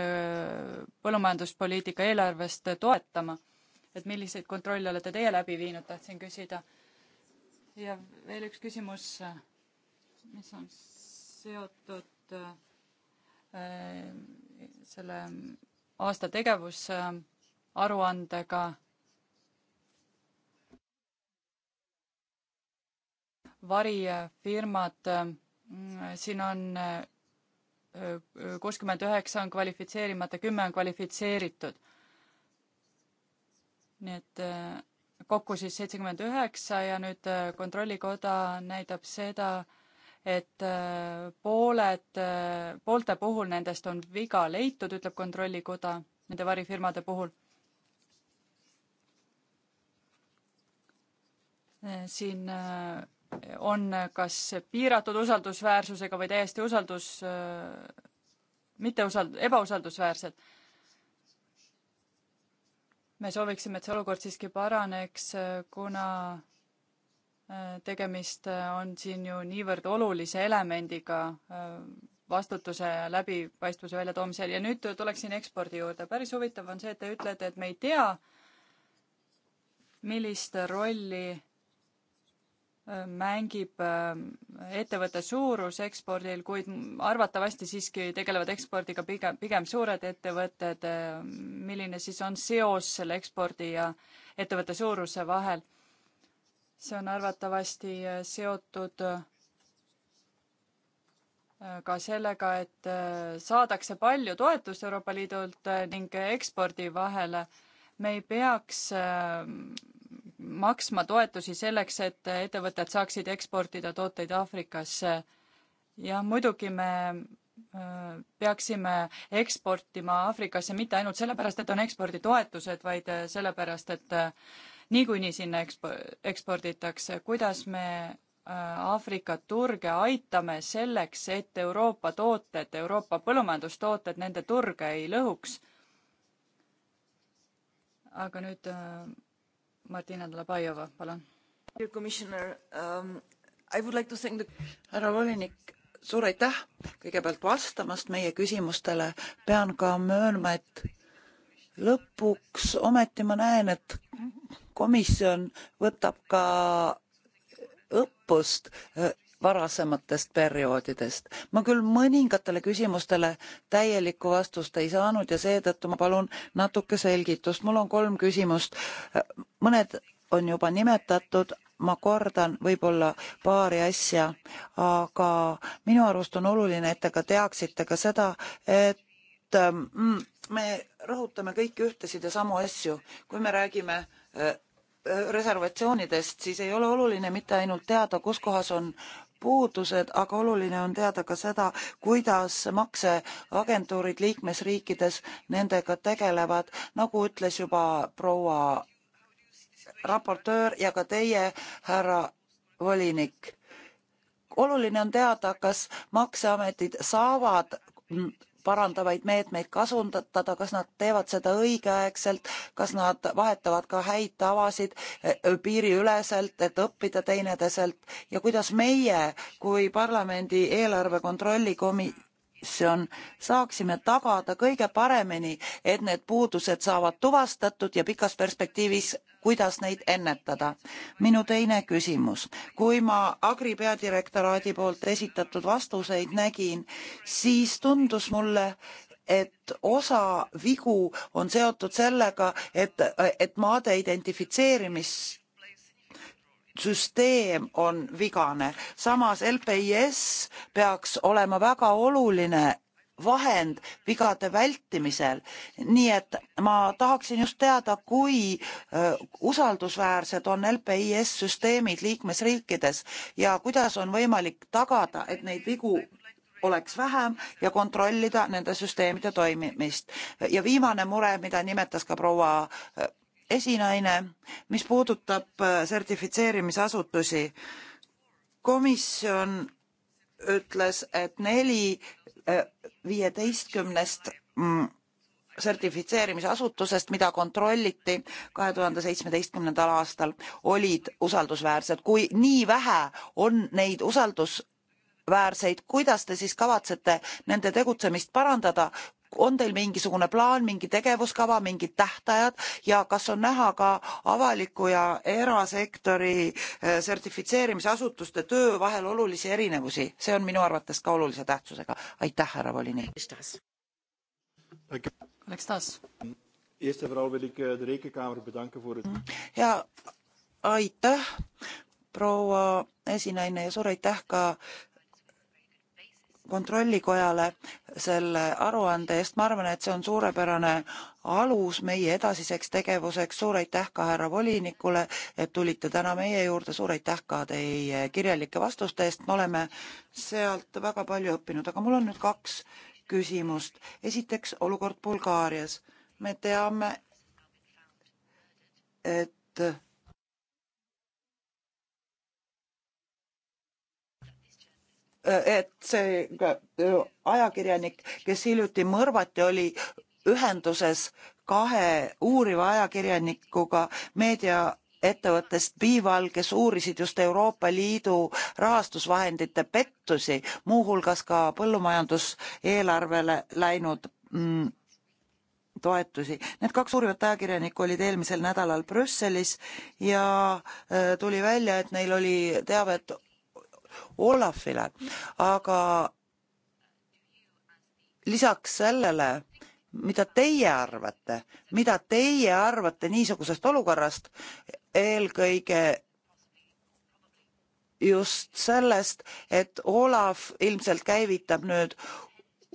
põllumajanduspoliitika eelarvest toetama. et milliseid kontrolle olete teie läbi viinud, tahtsin küsida. ja veel üks küsimus, mis on seotud äh, selle aasta tegevusaruandega varifirmad, mm, siin on äh, kuuskümmend üheksa on kvalifitseerimata, kümme on kvalifitseeritud. nii et äh, kokku siis seitsekümmend üheksa ja nüüd äh, Kontrollikoda näitab seda, et äh, pooled, poolte puhul nendest on viga leitud, ütleb Kontrollikoda nende varifirmade puhul. siin on kas piiratud usaldusväärsusega või täiesti usaldus, mitte usald-, ebausaldusväärsed. me sooviksime, et see olukord siiski paraneks, kuna äh, tegemist äh, on siin ju niivõrd olulise elemendiga äh, vastutuse ja läbipaistvuse väljatoomisel ja nüüd tuleksin ekspordi juurde. päris huvitav on see, et te ütlete, et me ei tea, millist rolli mängib äh, ettevõtte suurus ekspordil, kuid arvatavasti siiski tegelevad ekspordiga pigem, pigem suured ettevõtted. Äh, milline siis on seos selle ekspordi ja ettevõtte suuruse vahel? see on arvatavasti äh, seotud ka sellega, et saadakse palju toetust Euroopa Liidult ning ekspordi vahele. me ei peaks maksma toetusi selleks, et ettevõtted saaksid eksportida tooteid Aafrikasse. ja muidugi me äh, peaksime eksportima Aafrikasse mitte ainult sellepärast, et on eksporditoetused, vaid äh, sellepärast, et äh, niikuinii sinna ekspo-, eksporditakse, kuidas me Aafrika turge aitame selleks, et Euroopa tooted, Euroopa põllumajandustooted nende turge ei lõhuks. aga nüüd Martina Dlabajova, palun. Um, härra volinik, suur aitäh kõigepealt vastamast meie küsimustele. pean ka möönma, et lõpuks ometi ma näen, et komisjon võtab ka õppust varasematest perioodidest. ma küll mõningatele küsimustele täielikku vastust ei saanud ja seetõttu ma palun natuke selgitust. mul on kolm küsimust. mõned on juba nimetatud, ma kordan võib-olla paari asja, aga minu arust on oluline, et te ka teaksite ka seda, et ähm, me rõhutame kõiki ühtesid ja samu asju, kui me räägime äh, reservatsioonidest, siis ei ole oluline mitte ainult teada, kus kohas on puudused, aga oluline on teada ka seda, kuidas makseagentuurid liikmesriikides nendega tegelevad, nagu ütles juba proua raportöör ja ka teie, härra volinik. oluline on teada, kas makseametid saavad parandavaid meetmeid kasutada, kas nad teevad seda õigeaegselt, kas nad vahetavad ka häid tavasid eh, eh, piiriüleselt, et õppida teineteiselt ja kuidas meie kui parlamendi eelarve kontrolli komi-, komisjon saaksime tagada kõige paremini, et need puudused saavad tuvastatud ja pikas perspektiivis, kuidas neid ennetada. minu teine küsimus. kui ma Agri peadirektoraadi poolt esitatud vastuseid nägin, siis tundus mulle, et osa vigu on seotud sellega, et, et maade identifitseerimist süsteem on vigane. samas LPIS peaks olema väga oluline vahend vigade vältimisel. nii et ma tahaksin just teada, kui äh, usaldusväärsed on LPIS süsteemid liikmesriikides ja kuidas on võimalik tagada, et neid vigu oleks vähem ja kontrollida nende süsteemide toimimist. ja viimane mure, mida nimetas ka proua äh, esinaine, mis puudutab äh, sertifitseerimisasutusi. komisjon ütles, et neli äh, viieteistkümnest mm, sertifitseerimisasutusest, mida kontrolliti kahe tuhande seitsmeteistkümnendal aastal, olid usaldusväärsed. kui nii vähe on neid usaldus väärseid, kuidas te siis kavatsete nende tegutsemist parandada, on teil mingisugune plaan, mingi tegevuskava, mingid tähtajad ja kas on näha ka avaliku ja erasektori eh, sertifitseerimisasutuste töö vahel olulisi erinevusi, see on minu arvates ka olulise tähtsusega. aitäh, härra volinik. Alex Taas. Eerst en vooral wil ik eh, de Rekenkamer bedanken voor het. Mm-hmm. Ja, aitäh proua esinaine ja suur aitäh ka kontrollikojale selle aruande eest, ma arvan, et see on suurepärane alus meie edasiseks tegevuseks, suur aitäh ka härra volinikule, et tulite täna meie juurde, suur aitäh ka teie kirjalike vastuste eest, me oleme sealt väga palju õppinud, aga mul on nüüd kaks küsimust. esiteks olukord Bulgaarias, me teame, et et see äh, ajakirjanik, kes hiljuti mõrvati, oli ühenduses kahe uuriva ajakirjanikuga meedia ettevõttest Bival, kes uurisid just Euroopa Liidu rahastusvahendite pettusi, muuhulgas ka põllumajanduseelarvele läinud mm, toetusi. Need kaks uurivat ajakirjanikku olid eelmisel nädalal Brüsselis ja äh, tuli välja, et neil oli teavet Olafile, aga lisaks sellele, mida teie arvate, mida teie arvate niisugusest olukorrast, eelkõige just sellest, et Olav ilmselt käivitab nüüd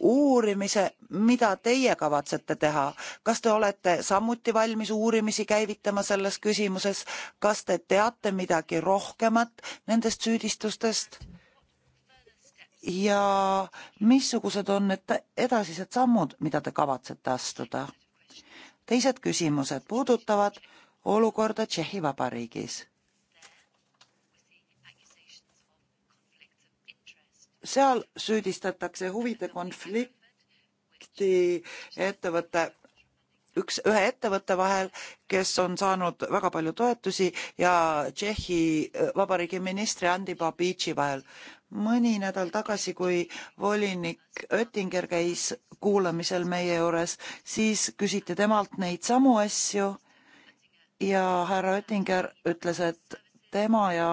uurimise, mida teie kavatsete teha, kas te olete samuti valmis uurimisi käivitama selles küsimuses, kas te teate midagi rohkemat nendest süüdistustest? ja missugused on need edasised sammud, mida te kavatsete astuda? teised küsimused puudutavad olukorda Tšehhi Vabariigis seal süüdistatakse huvide konflikti ettevõtte üks, ühe ettevõtte vahel, kes on saanud väga palju toetusi ja Tšehhi äh, Vabariigi ministri Andi Babici vahel. mõni nädal tagasi, kui volinik Oettinger käis kuulamisel meie juures, siis küsiti temalt neid samu asju ja härra Oettinger ütles, et tema ja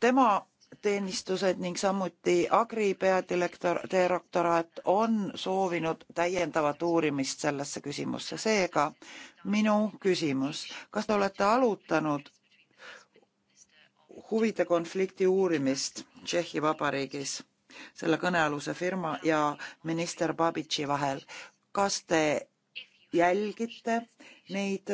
tema teenistused ning samuti Agri peadirektoraat on soovinud täiendavat uurimist sellesse küsimusse. seega minu küsimus, kas te olete alutanud huvide konflikti uurimist Tšehhi Vabariigis selle kõnealuse firma ja minister Babitši vahel? kas te jälgite neid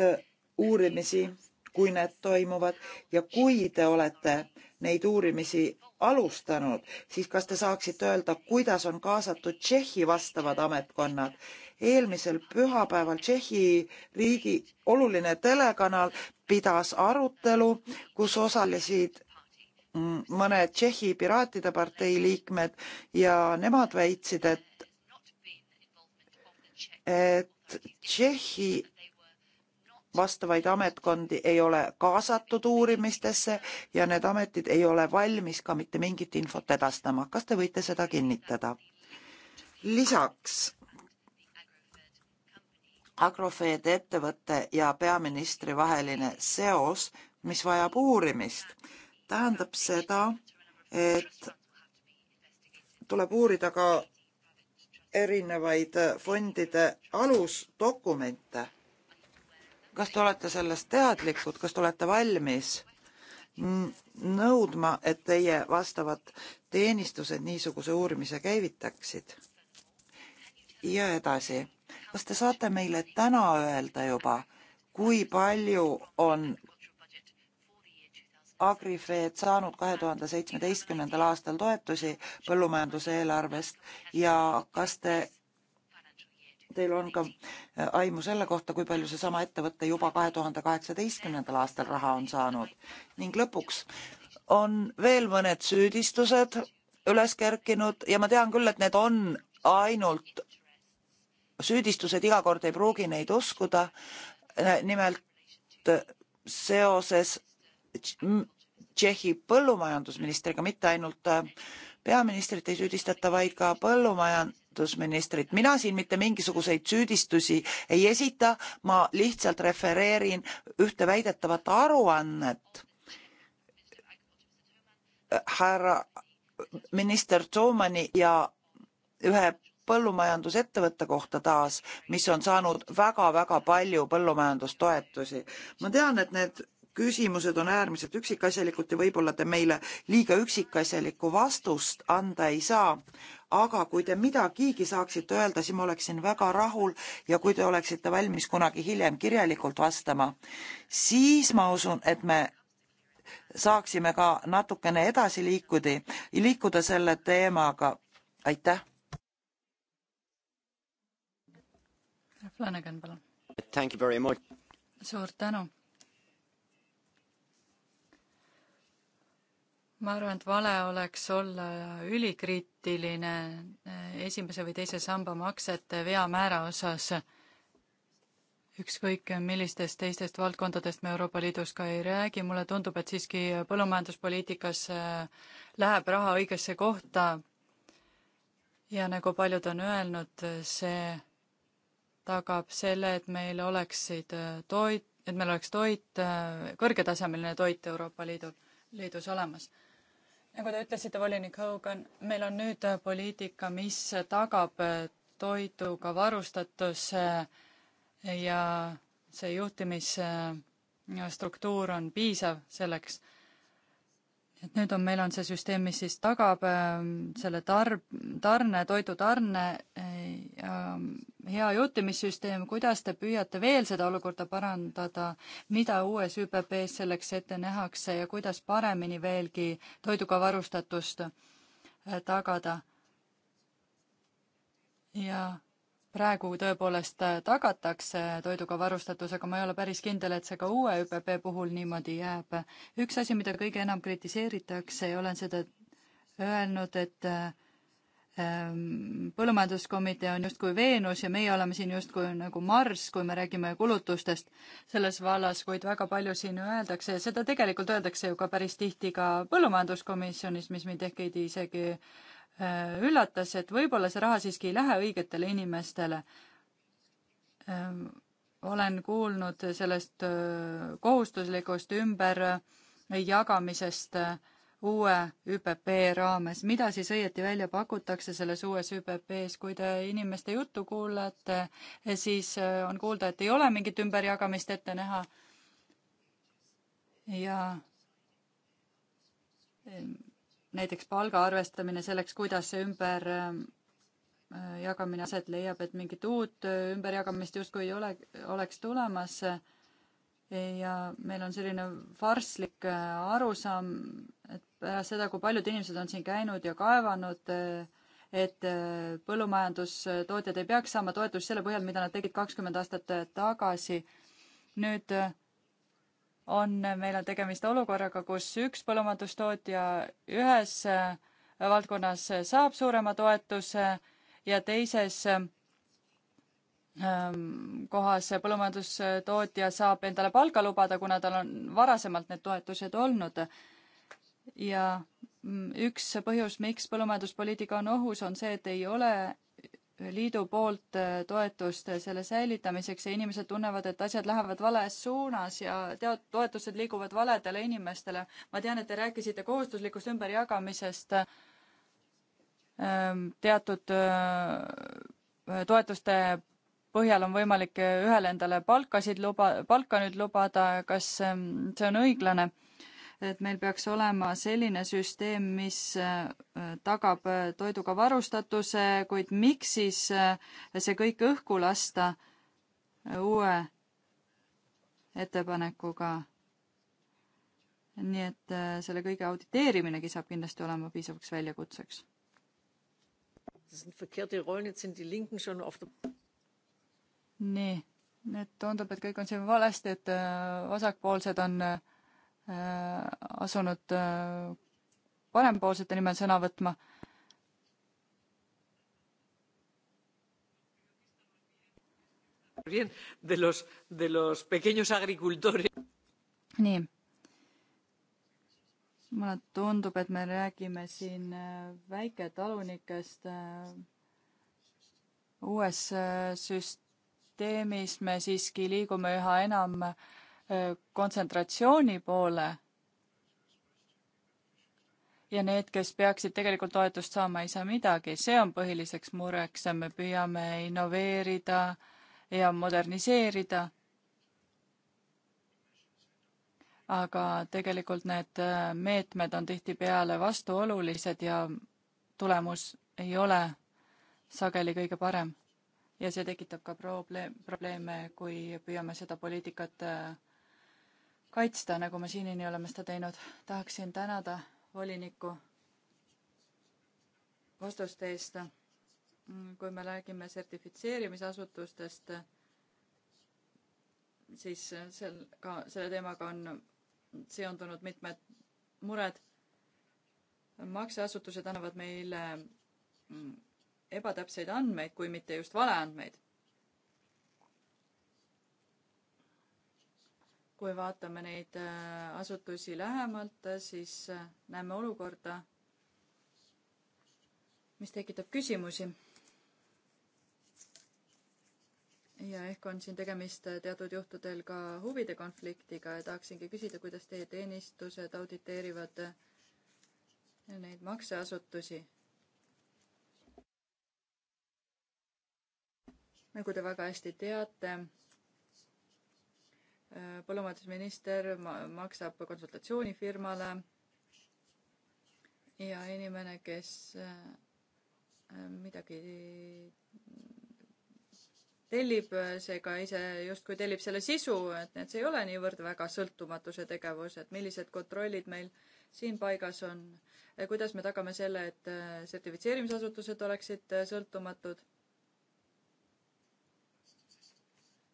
uurimisi, kui need toimuvad ja kui te olete neid uurimisi alustanud, siis kas te saaksite öelda, kuidas on kaasatud Tšehhi vastavad ametkonnad? eelmisel pühapäeval Tšehhi riigi oluline telekanal pidas arutelu, kus osalesid mõned Tšehhi Piraatide partei liikmed ja nemad väitsid, et et Tšehhi vastavaid ametkondi ei ole kaasatud uurimistesse ja need ametid ei ole valmis ka mitte mingit infot edastama. kas te võite seda kinnitada? lisaks Agrofed ettevõtte ja peaministri vaheline seos, mis vajab uurimist, tähendab seda, et tuleb uurida ka erinevaid fondide alusdokumente kas te olete sellest teadlikud, kas te olete valmis nõudma, et teie vastavad teenistused niisuguse uurimise käivitaksid? ja edasi, kas te saate meile täna öelda juba, kui palju on Agrifed saanud kahe tuhande seitsmeteistkümnendal aastal toetusi põllumajanduse eelarvest ja kas te teil on ka äh, aimu selle kohta, kui palju seesama ettevõte juba kahe tuhande kaheksateistkümnendal aastal raha on saanud ning lõpuks on veel mõned süüdistused üles kerkinud ja ma tean küll, et need on ainult süüdistused, iga kord ei pruugi neid uskuda. nimelt äh, seoses Tšehhi põllumajandusministriga, mitte ainult äh, peaministrit ei süüdistata, vaid ka põllumajand-, rahandusministrit. mina siin mitte mingisuguseid süüdistusi ei esita, ma lihtsalt refereerin ühte väidetavat aruannet. härra minister Toomani ja ühe põllumajandusettevõtte kohta taas, mis on saanud väga-väga palju põllumajandustoetusi. ma tean, et need küsimused on äärmiselt üksikasjalikud ja võib-olla te meile liiga üksikasjalikku vastust anda ei saa, aga kui te midagigi saaksite öelda, siis ma oleksin väga rahul ja kui te oleksite valmis kunagi hiljem kirjalikult vastama, siis ma usun, et me saaksime ka natukene edasi liikuda, liikuda selle teemaga. aitäh. Flanagan, palun. suur tänu ma arvan, et vale oleks olla ülikriitiline eh, esimese või teise samba maksete veamäära osas. ükskõik millistest teistest valdkondadest me Euroopa Liidus ka ei räägi, mulle tundub, et siiski põllumajanduspoliitikas eh, läheb raha õigesse kohta. ja nagu paljud on öelnud, see tagab selle, et meil oleksid eh, toit, et meil oleks toit, kõrgetasemeline toit Euroopa Liidul, Liidus olemas nagu te ütlesite, volinik Hogan, meil on nüüd äh, poliitika, mis tagab äh, toiduga varustatuse ja see juhtimisstruktuur äh, on piisav selleks et nüüd on, meil on see süsteem, mis siis tagab äh, selle tarb, tarne, toidutarne äh, ja äh, hea juhtimissüsteem, kuidas te püüate veel seda olukorda parandada, mida uues ÜPP-s selleks ette nähakse ja kuidas paremini veelgi toiduga varustatust tagada? ja praegu tõepoolest äh, tagatakse toiduga varustatus, aga ma ei ole päris kindel, et see ka uue ÜPP puhul niimoodi jääb. üks asi, mida kõige enam kritiseeritakse ja olen seda öelnud, et äh, ähm, põllumajanduskomitee on justkui Veenus ja meie oleme siin justkui nagu Marss, kui me räägime kulutustest selles vallas, kuid väga palju siin öeldakse ja seda tegelikult öeldakse ju ka päris tihti ka põllumajanduskomisjonis, mis mind ehk isegi Äh, üllatas, et võib-olla see raha siiski ei lähe õigetele inimestele. Ähm, olen kuulnud sellest äh, kohustuslikust ümberjagamisest äh, uue ÜPP raames, mida siis õieti välja pakutakse selles uues ÜPP-s, kui te inimeste juttu kuulate, eh, siis on kuulda, et ei ole mingit ümberjagamist ette näha. ja näiteks palga arvestamine selleks, kuidas see ümber äh, jagamine aset leiab, et mingit uut äh, ümberjagamist justkui ei ole, oleks tulemas. ja meil on selline farslik äh, arusaam, et pärast seda, kui paljud inimesed on siin käinud ja kaevanud, et põllumajandustootjad ei peaks saama toetust selle põhjal, mida nad tegid kakskümmend aastat tagasi. nüüd on, meil on tegemist olukorraga, kus üks põllumajandustootja ühes äh, valdkonnas saab suurema toetuse ja teises ähm, kohas põllumajandustootja saab endale palka lubada, kuna tal on varasemalt need toetused olnud. ja mm, üks põhjus, miks põllumajanduspoliitika on ohus, on see, et ei ole liidu poolt äh, toetust äh, selle säilitamiseks ja inimesed tunnevad, et asjad lähevad vales suunas ja tead, toetused liiguvad valedele inimestele. ma tean, et te rääkisite kohustuslikust ümberjagamisest ähm, teatud äh, toetuste põhjal on võimalik ühele endale palkasid luba, palka nüüd lubada, kas ähm, see on õiglane? et meil peaks olema selline süsteem, mis äh, tagab äh, toiduga varustatuse, kuid miks siis äh, see kõik õhku lasta uue ettepanekuga? nii et selle kõige auditeeriminegi saab kindlasti olema piisavaks väljakutseks. nii, nüüd tundub, et kõik on siin valesti, et vasakpoolsed on äh, Äh, asunud äh, parempoolsete nimel sõna võtma. nii. mulle tundub, et me räägime siin äh, väiketalunikest. uues süsteemis me siiski liigume üha enam äh, kontsentratsiooni poole. ja need, kes peaksid tegelikult toetust saama, ei saa midagi, see on põhiliseks mureks ja me püüame innoveerida ja moderniseerida. aga tegelikult need meetmed on tihtipeale vastuolulised ja tulemus ei ole sageli kõige parem ja see tekitab ka probleem, probleeme, kui püüame seda poliitikat äh, kaitsta, nagu me siiani oleme seda teinud. tahaksin tänada volinikku vastuste eest. kui me räägime sertifitseerimisasutustest, siis sel, ka selle teemaga on seondunud mitmed mured. makseasutused annavad meile ebatäpseid andmeid, kui mitte just valeandmeid kui vaatame neid äh, asutusi lähemalt, siis äh, näeme olukorda, mis tekitab küsimusi. ja ehk on siin tegemist äh, teatud juhtudel ka huvide konfliktiga ja tahaksingi küsida, kuidas teie teenistused auditeerivad neid makseasutusi nagu te väga hästi teate, Äh, põllumajandusminister maksab konsultatsioonifirmale ja inimene, kes äh, midagi tellib, seega ise justkui tellib selle sisu, et, et see ei ole niivõrd väga sõltumatuse tegevus, et millised kontrollid meil siin paigas on, äh, kuidas me tagame selle, et sertifitseerimisasutused oleksid sõltumatud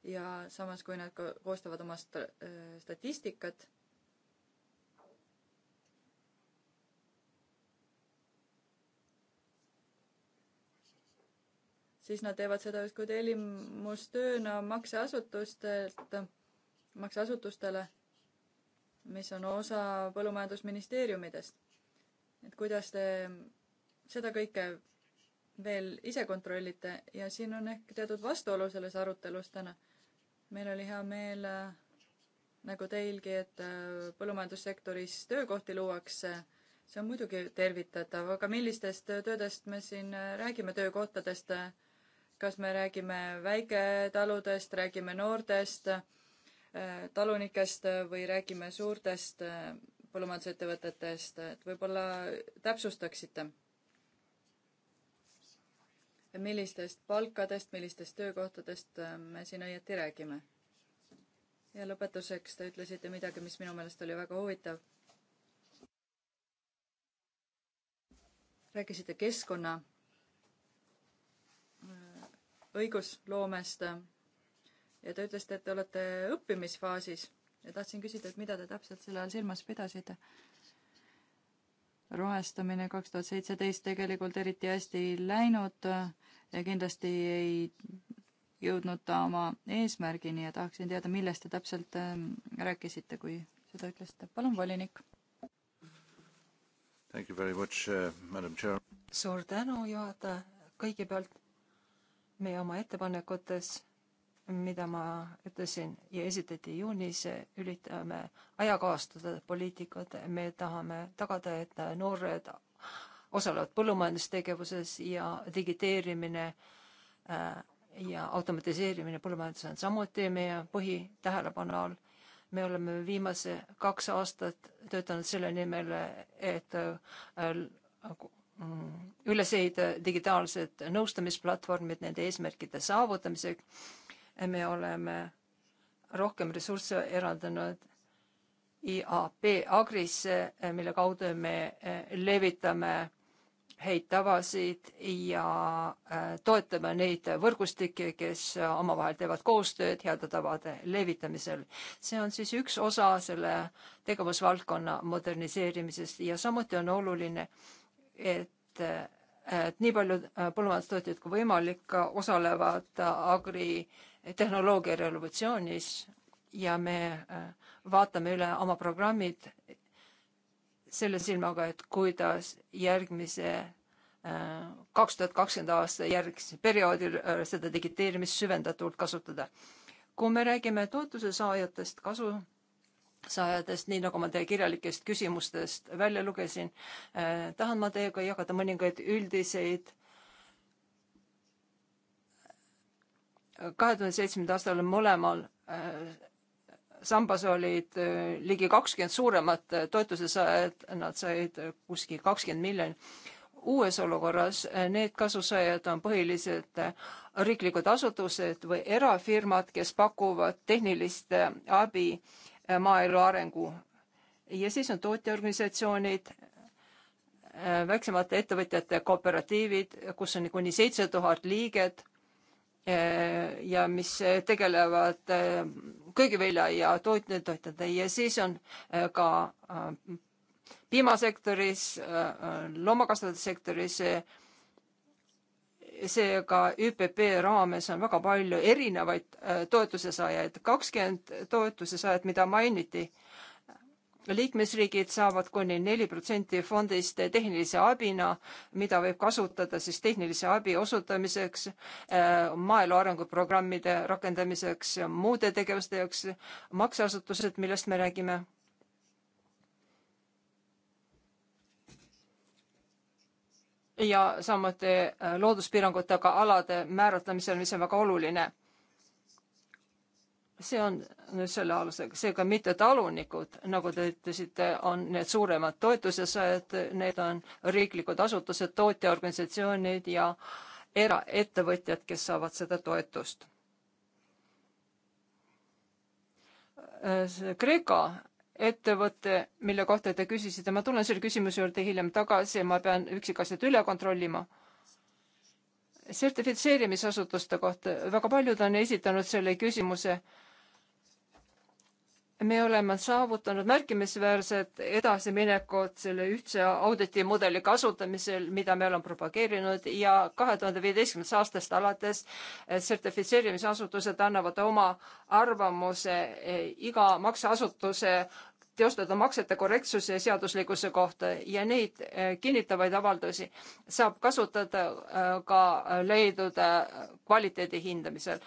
ja samas, kui nad ka koostavad oma sta-, äh, statistikat, siis nad teevad seda justkui tellimustööna makseasutustelt, makseasutustele, mis on osa põllumajandusministeeriumidest. et kuidas te seda kõike veel ise kontrollite ja siin on ehk teatud vastuolu selles arutelus täna meil oli hea meel äh, nagu teilgi, et äh, põllumajandussektoris töökohti luuakse. see on muidugi tervitatav, aga millistest töödest me siin äh, räägime, töökohtadest? kas me räägime väiketaludest, räägime noortest talunikest või räägime suurtest põllumajandusettevõtetest, et võib-olla täpsustaksite millistest palkadest, millistest töökohtadest äh, me siin õieti räägime. ja lõpetuseks te ütlesite midagi, mis minu meelest oli väga huvitav. rääkisite keskkonna äh, õigusloomest äh, ja te ütlesite, et te olete õppimisfaasis ja tahtsin küsida, et mida te täpselt selle all silmas pidasite rohestamine kaks tuhat seitseteist tegelikult eriti hästi ei läinud ja kindlasti ei jõudnud ta oma eesmärgini ja tahaksin teada, millest te täpselt ähm, rääkisite, kui seda ütlesite. palun, volinik. Uh, suur tänu, juhataja. kõigepealt meie oma ettepanekutes mida ma ütlesin ja esitati juunis, üritame ajakohastada poliitikat, me tahame tagada, et noored osalevad põllumajandustegevuses ja digiteerimine äh, ja automatiseerimine põllumajanduses on samuti meie põhitähelepanu all. me oleme viimase kaks aastat töötanud selle nimel, et äh, üles ehitada digitaalsed nõustamisplatvormid nende eesmärkide saavutamiseks me oleme rohkem ressursse eraldanud IAP Agrisse, mille kaudu me eh, levitame häid tavasid ja eh, toetame neid võrgustikke, kes omavahel teevad koostööd heade tavade levitamisel. see on siis üks osa selle tegevusvaldkonna moderniseerimisest ja samuti on oluline, et, eh, et nii paljud põllumajandustootjad kui võimalik osalevad agri äh, tehnoloogia revolutsioonis ja me äh, vaatame üle oma programmid selle silmaga, et kuidas järgmise äh, kaks tuhat kakskümmend aasta järgsel perioodil äh, seda digiteerimist süvendatult kasutada. kui me räägime toetuse saajatest, kasu saajatest, nii nagu ma teie kirjalikest küsimustest välja lugesin eh,, tahan ma teiega jagada mõningaid üldiseid kahe tuhande seitsmendal aastal mõlemal äh, sambas olid äh, ligi kakskümmend suuremat äh, toetuse saajat, nad said kuskil kakskümmend miljonit. uues olukorras need kasusaajad on põhiliselt riiklikud asutused või erafirmad, kes pakuvad tehnilist abi maaelu arengu ja siis on tootjaorganisatsioonid, väiksemate ettevõtjate kooperatiivid, kus on kuni seitse tuhat liiget Eh, ja mis eh, tegelevad eh, köögivilja ja toitlutoitjate ja siis on ka piimasektoris, loomakasvatuse sektoris seega ÜPP raames on väga palju erinevaid toetuse saajaid, kakskümmend toetuse saajat, mida mainiti liikmesriigid saavad kuni neli protsenti fondist tehnilise abina, mida võib kasutada siis tehnilise abi osutamiseks, äh, maaelu arenguprogrammide rakendamiseks, muude tegevuste jaoks, makseasutused, millest me räägime. ja samuti äh, looduspiirangutega alade määratlemisel, mis on väga oluline see on selle alusega, seega mittetalunikud, nagu te ütlesite, on need suuremad toetuse saajad, need on riiklikud asutused, tootjaorganisatsioonid ja eraettevõtjad, kes saavad seda toetust. Kreeka ettevõte, mille kohta te küsisite, ma tulen selle küsimuse juurde hiljem tagasi, ma pean üksikasjad üle kontrollima sertifitseerimisasutuste kohta, väga paljud on esitanud selle küsimuse. me oleme saavutanud märkimisväärset edasiminekut selle ühtse auditimudeli kasutamisel, mida me oleme propageerinud ja kahe tuhande viieteistkümnendast aastast alates sertifitseerimisasutused annavad oma arvamuse eh, iga makseasutuse teostada maksete korrektsuse ja seaduslikkuse kohta ja neid eh, kinnitavaid avaldusi saab kasutada eh, ka leidude kvaliteedi hindamisel.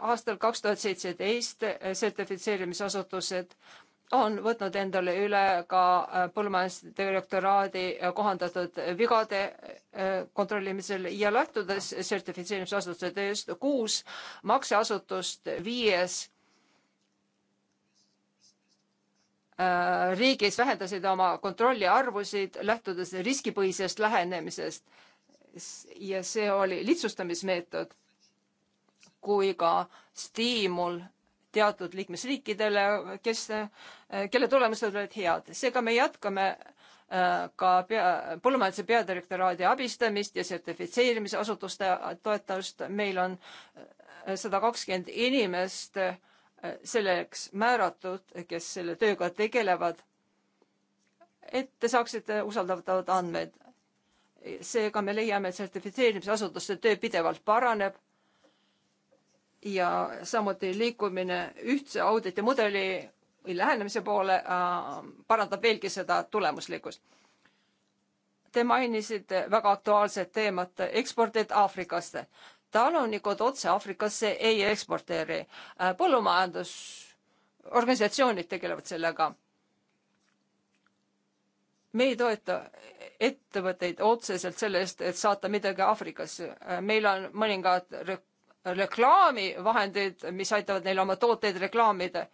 aastal kaks tuhat seitseteist eh, sertifitseerimisasutused on võtnud endale üle ka põllumajandusdirektoraadi kohandatud vigade kontrollimisel ja lähtudes sertifitseerimisasutuse tööst kuus makseasutust viies Äh, riigis vähendasid oma kontrolliarvusid, lähtudes riskipõhisest lähenemisest. ja see oli lihtsustamismeetod kui ka stiimul teatud liikmesriikidele, kes, äh, kelle tulemused olid head. seega me jätkame äh, ka pea, põllumajanduse peadirektoraadi abistamist ja sertifitseerimisasutuste toetust. meil on sada kakskümmend inimest äh, selleks määratud, kes selle tööga tegelevad, et te saaksite usaldatavad andmed. seega me leiame, et sertifitseerimisasutuste töö pidevalt paraneb ja samuti liikumine ühtse auditimudeli või lähenemise poole äh, parandab veelgi seda tulemuslikkust. Te mainisite väga aktuaalset teemat ekspordid Aafrikasse talunikud otse Aafrikasse ei eksporteeri. Äh, põllumajandusorganisatsioonid tegelevad sellega. me ei toeta ettevõtteid otseselt selle eest, et saata midagi Aafrikasse. Äh, meil on mõningad reklaamivahendid, mis aitavad neil oma tooteid reklaamida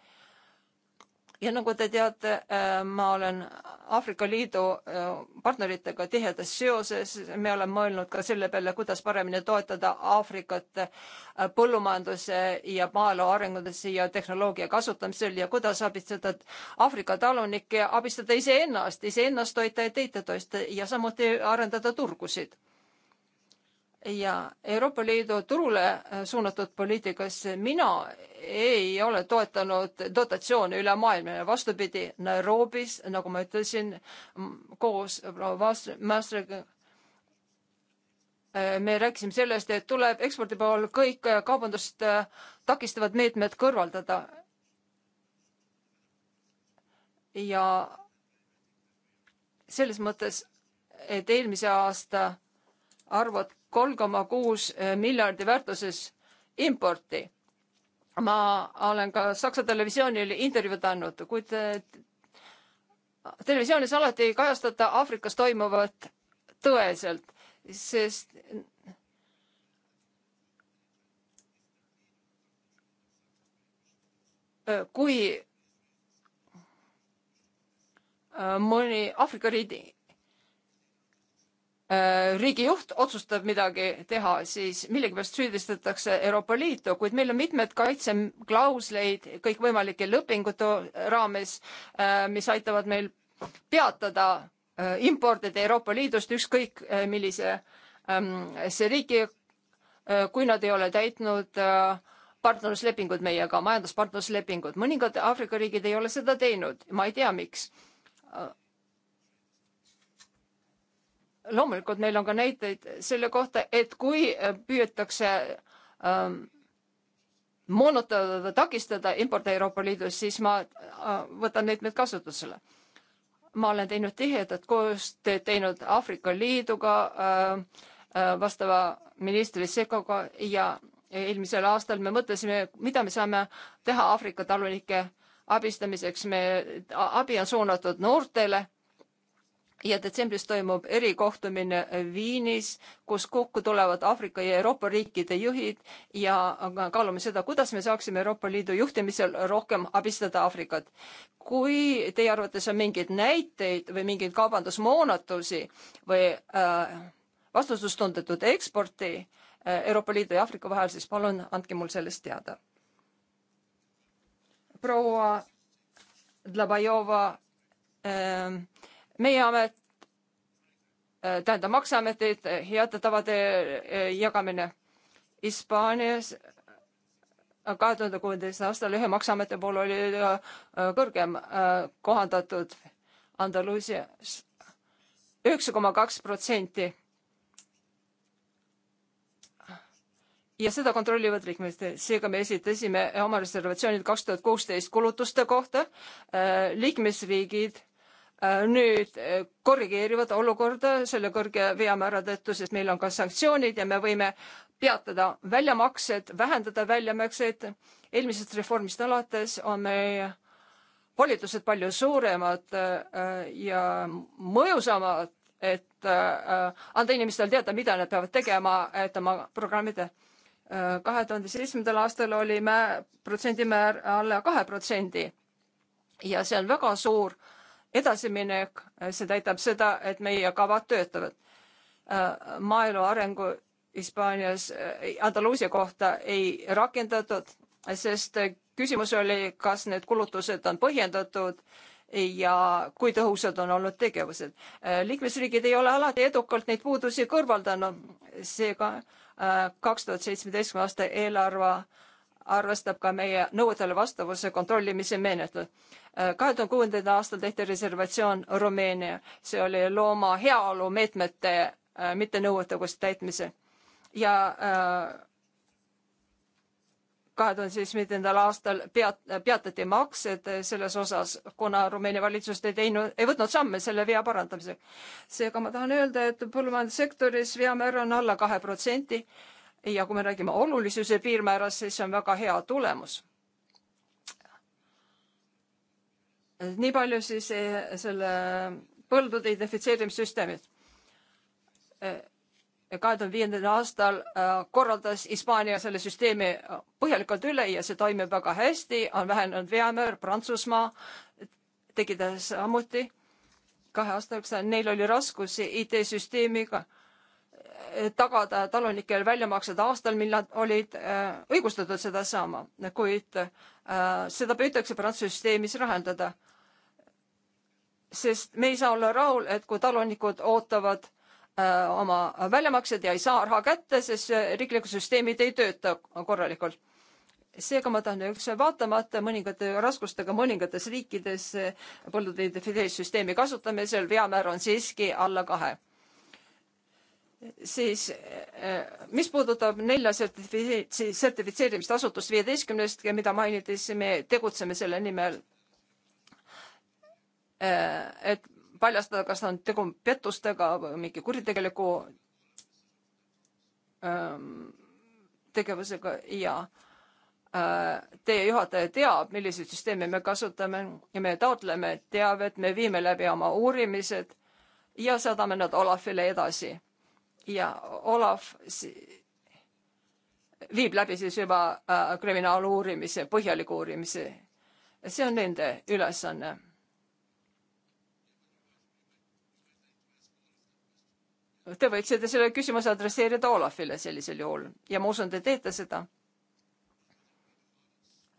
ja nagu te teate, äh, ma olen Aafrika Liidu äh, partneritega tihedas seoses, me oleme mõelnud ka selle peale, kuidas paremini toetada Aafrikat äh, põllumajanduse ja maaelu arengudes ja tehnoloogia kasutamisel ja kuidas abistada Aafrika talunikke, abistada iseennast, iseennast toita ja teid toita ja samuti arendada turgusid ja Euroopa Liidu turule äh, suunatud poliitikas mina ei ole toetanud dotatsioone üle maailma ja vastupidi Nairobis, nagu ma ütlesin, koos Maastriga äh, me rääkisime sellest, et tuleb ekspordi pool kõik äh, kaubandust takistavad meetmed kõrvaldada. ja selles mõttes, et eelmise aasta arvud kolm koma kuus eh, miljardi väärtuses importi. ma olen ka Saksa televisioonil intervjuud andnud, kuid eh, televisioonis alati ei kajastata Aafrikas toimuvat tõeselt, sest eh, kui mõni Aafrika riigi Äh, riigijuht otsustab midagi teha, siis millegipärast süüdistatakse Euroopa Liitu, kuid meil on mitmed kaitseklausleid kõikvõimalike lepingute raames, äh, mis aitavad meil peatada äh, impordida Euroopa Liidust ükskõik millise ähm, see riigi, kui nad ei ole täitnud partnerluslepingud meiega, majanduspartnerluslepingud. mõningad Aafrika riigid ei ole seda teinud, ma ei tea, miks loomulikult meil on ka näiteid selle kohta, et kui äh, püütakse ähm, moonutada või takistada importi Euroopa Liidus, siis ma äh, võtan need meid kasutusele. ma olen teinud tihedat koostööd teinud Aafrika Liiduga äh,, äh vastava ministri Sekoga ja eelmisel aastal me mõtlesime, mida me saame teha Aafrika talunike abistamiseks. me, abi on suunatud noortele ja detsembris toimub erikohtumine Viinis, kus kokku tulevad Aafrika ja Euroopa riikide juhid ja kaalume seda, kuidas me saaksime Euroopa Liidu juhtimisel rohkem abistada Aafrikat. kui teie arvates on mingeid näiteid või mingeid kaubandusmoonutusi või äh, vastutustundetud eksporti äh, Euroopa Liidu ja Aafrika vahel, siis palun andke mul sellest teada. proua Dlabajova äh, meie amet, äh, tähendab makseametid, heade tavade äh, jagamine Hispaanias äh, kahe tuhande kuueteistkümnendal aastal ühe maksuameti puhul oli kõrgem kohandatud Andaluusias üheksa koma kaks protsenti. ja seda kontrollivad liikmesriigid, seega me esitasime oma reservatsioonid kaks tuhat kuusteist kulutuste kohta. liikmesriigid Äh, nüüd äh, korrigeerivad olukorda selle kõrge veamäära tõttu, sest meil on ka sanktsioonid ja me võime peatada väljamaksed, vähendada väljamakseid. eelmisest reformist alates on meie volitused palju suuremad äh, ja mõjusamad, et anda inimestele teada, mida nad peavad tegema, et oma programmide kahe tuhande seitsmendal aastal oli määr, protsendimäär alla kahe protsendi. ja see on väga suur äh, edasiminek, äh, see täitab seda, et meie kavad töötavad. Äh, maaelu arengu Hispaanias äh, Andaluusia kohta ei rakendatud, sest küsimus oli, kas need kulutused on põhjendatud ja kui tõhusad on olnud tegevused. liikmesriigid ei ole alati edukalt neid puudusi kõrvaldanud, seega kaks tuhat seitsmeteistkümne aasta eelarve arvestab ka meie nõuetele vastavuse kontrollimise menetlust kahe tuhande kuuendal aastal tehti reservatsioon Rumeenia, see oli looma heaolu meetmete äh, mittenõuetekohase täitmise ja äh, kahe tuhande seitsmendal aastal peat-, peatati maksed selles osas, kuna Rumeenia valitsus ei teinud, ei võtnud samme selle vea parandamiseks. seega ma tahan öelda, et põllumajandussektoris veamäär on alla kahe protsendi ja kui me räägime olulisuse piirmäärast, siis see on väga hea tulemus nii palju siis eh, selle põldude identifitseerimissüsteemid. Eh, kahe tuhande viiendal aastal eh, korraldas Hispaania selle süsteemi põhjalikult üle ja see toimib väga hästi, on vähenenud veamäär, Prantsusmaa tegi ta samuti kahe aasta jooksul, neil oli raskusi IT-süsteemiga tagada talunikel väljamaksed aastal, mil nad olid äh, õigustatud seda saama, kuid äh, seda püütakse praegu süsteemis lahendada. sest me ei saa olla rahul, et kui talunikud ootavad äh, oma väljamaksed ja ei saa raha kätte, sest riiklikud süsteemid ei tööta korralikult seega ma tahan üldse vaatamata mõningate raskustega mõningates riikides põldude identifitseerimissüsteemi kasutamisel veamäär on siiski alla kahe siis eh, mis puudutab nelja sertifitsi-, sertifitseerimisasutust viieteistkümnest, mida mainiti, siis me tegutseme selle nimel, eh, et paljastada, kas on tegu pettustega või mingi kuritegeliku ehm, tegevusega ja eh, teie juhataja teab, milliseid süsteeme me kasutame ja me taotleme teavet, me viime läbi oma uurimised ja saadame nad Olafile edasi ja Olav viib läbi siis juba äh, kriminaaluurimise, põhjaliku uurimise. see on nende ülesanne. Te võiksite selle küsimuse adresseerida Olafile sellisel juhul ja ma usun, te teete seda.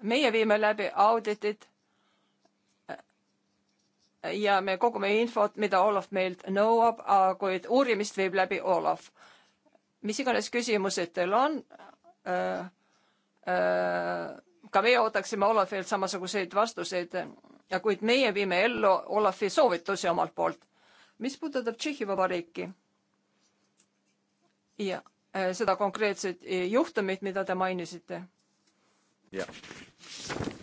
meie viime läbi auditit ja me kogume infot, mida Olav meilt nõuab, kuid uurimist viib läbi Olav. mis iganes küsimused teil on äh,, äh, ka meie ootaksime Olavilt samasuguseid vastuseid, kuid meie viime ellu Olavi soovitusi omalt poolt. mis puudutab Tšehhi Vabariiki ja äh, seda konkreetset äh, juhtumit, mida te mainisite. jah yeah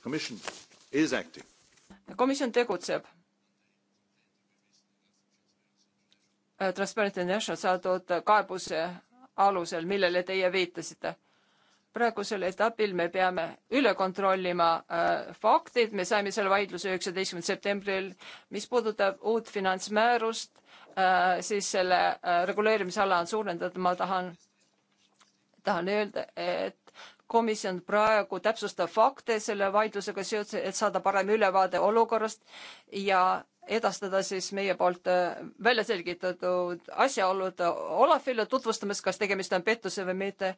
the Commission is acting. komisjon tegutseb. Uh, Transparency International saadud kaebuse alusel, millele teie viitasite. praegusel etapil me peame üle kontrollima äh, faktid, me saime selle vaidluse üheksateistkümnendal septembril, mis puudutab uut finantsmäärust äh,, siis selle äh, reguleerimisala on suurendatud, ma tahan tahan öelda, et komisjon praegu täpsustab fakte selle vaidlusega seoses, et saada parem ülevaade olukorrast ja edastada siis meie poolt äh, välja selgitatud asjaolud Olafile, tutvustamas, kas tegemist on pettuse või mitte.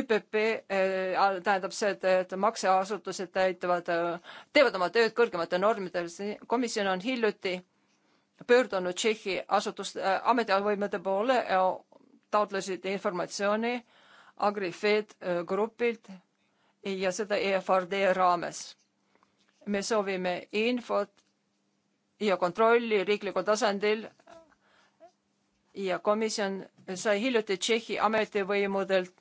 ÜPP äh, tähendab seda, et makseasutused täitavad, äh, teevad oma tööd kõrgemate normidel. komisjon on hiljuti pöördunud Tšehhi asutuste, ametivõimude poole, taotlesid informatsiooni äh, Agri-FED eh, grupilt ja seda EFRD raames. me soovime infot ja kontrolli riiklikul tasandil ja komisjon sai hiljuti Tšehhi ametivõimudelt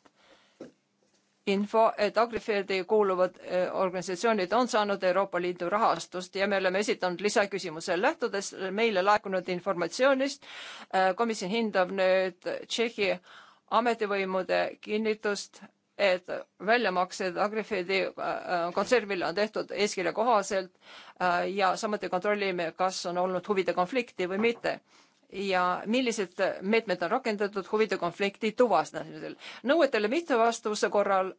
info, et Agrifedi kuuluvad eh, organisatsioonid on saanud Euroopa Liidu rahastust ja me oleme esitanud lisaküsimuse. lähtudes meile laekunud informatsioonist, eh, komisjon hindab nüüd Tšehhi ametivõimude kinnitust, et väljamaksed Agrifidi äh, kontsernile on tehtud eeskirja kohaselt äh, ja samuti kontrollime, kas on olnud huvide konflikti või mitte ja millised meetmed on rakendatud huvide konflikti tuvastamisel. nõuetele mittevastavuse korral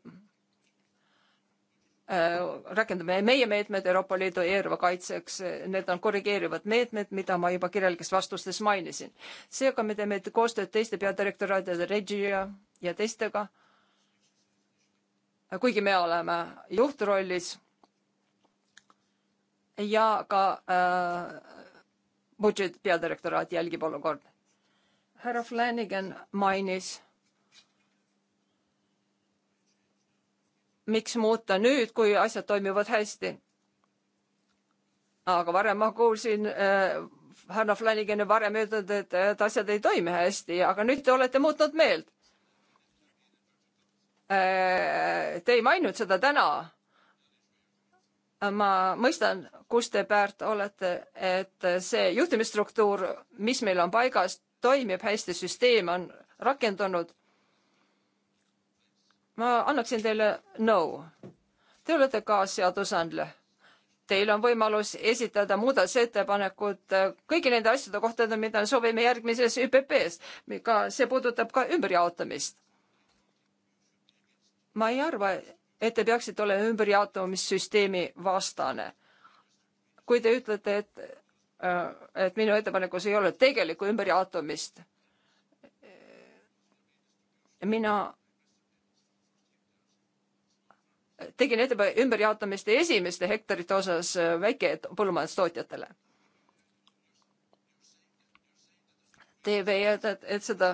Äh, rakendame meie meetmed Euroopa Liidu eelarve kaitseks, need on korrigeerivad meetmed, mida ma juba kirjalikes vastustes mainisin. seega me teeme koostööd teiste peadirektoraatide, Regia ja teistega. kuigi me oleme juhtrollis ja ka äh, budget peadirektoraat jälgib olukorda. härra Flanagan mainis miks muuta nüüd, kui asjad toimivad hästi? aga varem ma kuulsin äh, härra Flanagani varem öeldud, et, et asjad ei toimi hästi, aga nüüd te olete muutnud meelt äh,. Te ei maininud seda täna ma mõistan, kus te Pärt olete, et see juhtimisstruktuur, mis meil on paigas, toimib hästi, süsteem on rakendunud ma annaksin teile nõu no.. Te olete ka seadusandja. Teil on võimalus esitada muudatusettepanekud äh, kõigi nende asjade kohta, mida soovime järgmises ÜPP-s, ka see puudutab ka ümberjaotamist. ma ei arva, et te peaksite olema ümberjaotamissüsteemi vastane. kui te ütlete, et, äh, et minu ettepanekus ei ole tegelikku ümberjaotamist, mina tegin ettepaneku ümberjaotamiste esimeste hektarite osas äh, väikepõllumajandustootjatele. Te väidate, et seda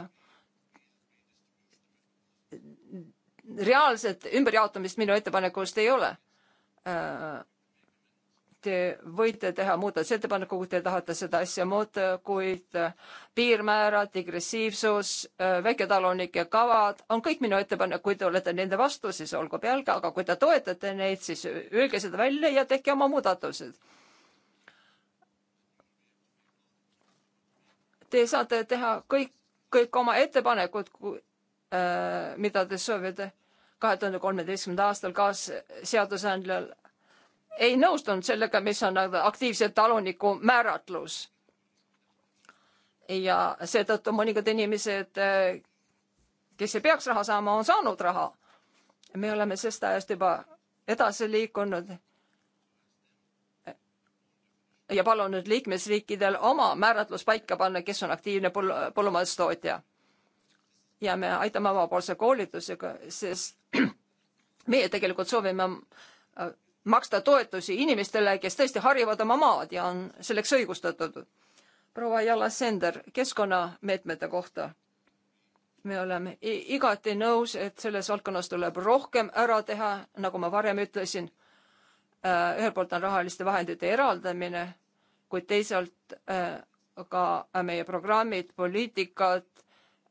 reaalset ümberjaotamist minu ettepanekust ei ole äh, te võite teha muudatusettepaneku, kui te tahate seda asja muuta, kuid äh, piirmäärad, digressiivsus, äh, väiketalunike kavad on kõik minu ettepanek, kui te olete nende vastu, siis olgu pealgi, aga kui te toetate neid, siis öelge seda välja ja tehke oma muudatused. Te saate teha kõik, kõik oma ettepanekud, äh, mida te soovite kahe tuhande kolmeteistkümnenda aastal kaasseadusandjal ei nõustunud sellega, mis on aktiivse taluniku määratlus. ja seetõttu mõningad inimesed, kes ei peaks raha saama, on saanud raha. me oleme sest ajast juba edasi liikunud ja palunud liikmesriikidel oma määratlus paika panna, kes on aktiivne põllumajandustootja. ja me aitame omapoolse koolitusega, sest meie tegelikult soovime maksta toetusi inimestele, kes tõesti harivad oma maad ja on selleks õigustatud. proua Jalla Sender, keskkonnameetmete kohta. me oleme igati nõus, et selles valdkonnas tuleb rohkem ära teha, nagu ma varem ütlesin. Äh, ühelt poolt on rahaliste vahendite eraldamine, kuid teisalt äh, ka meie programmid, poliitikad,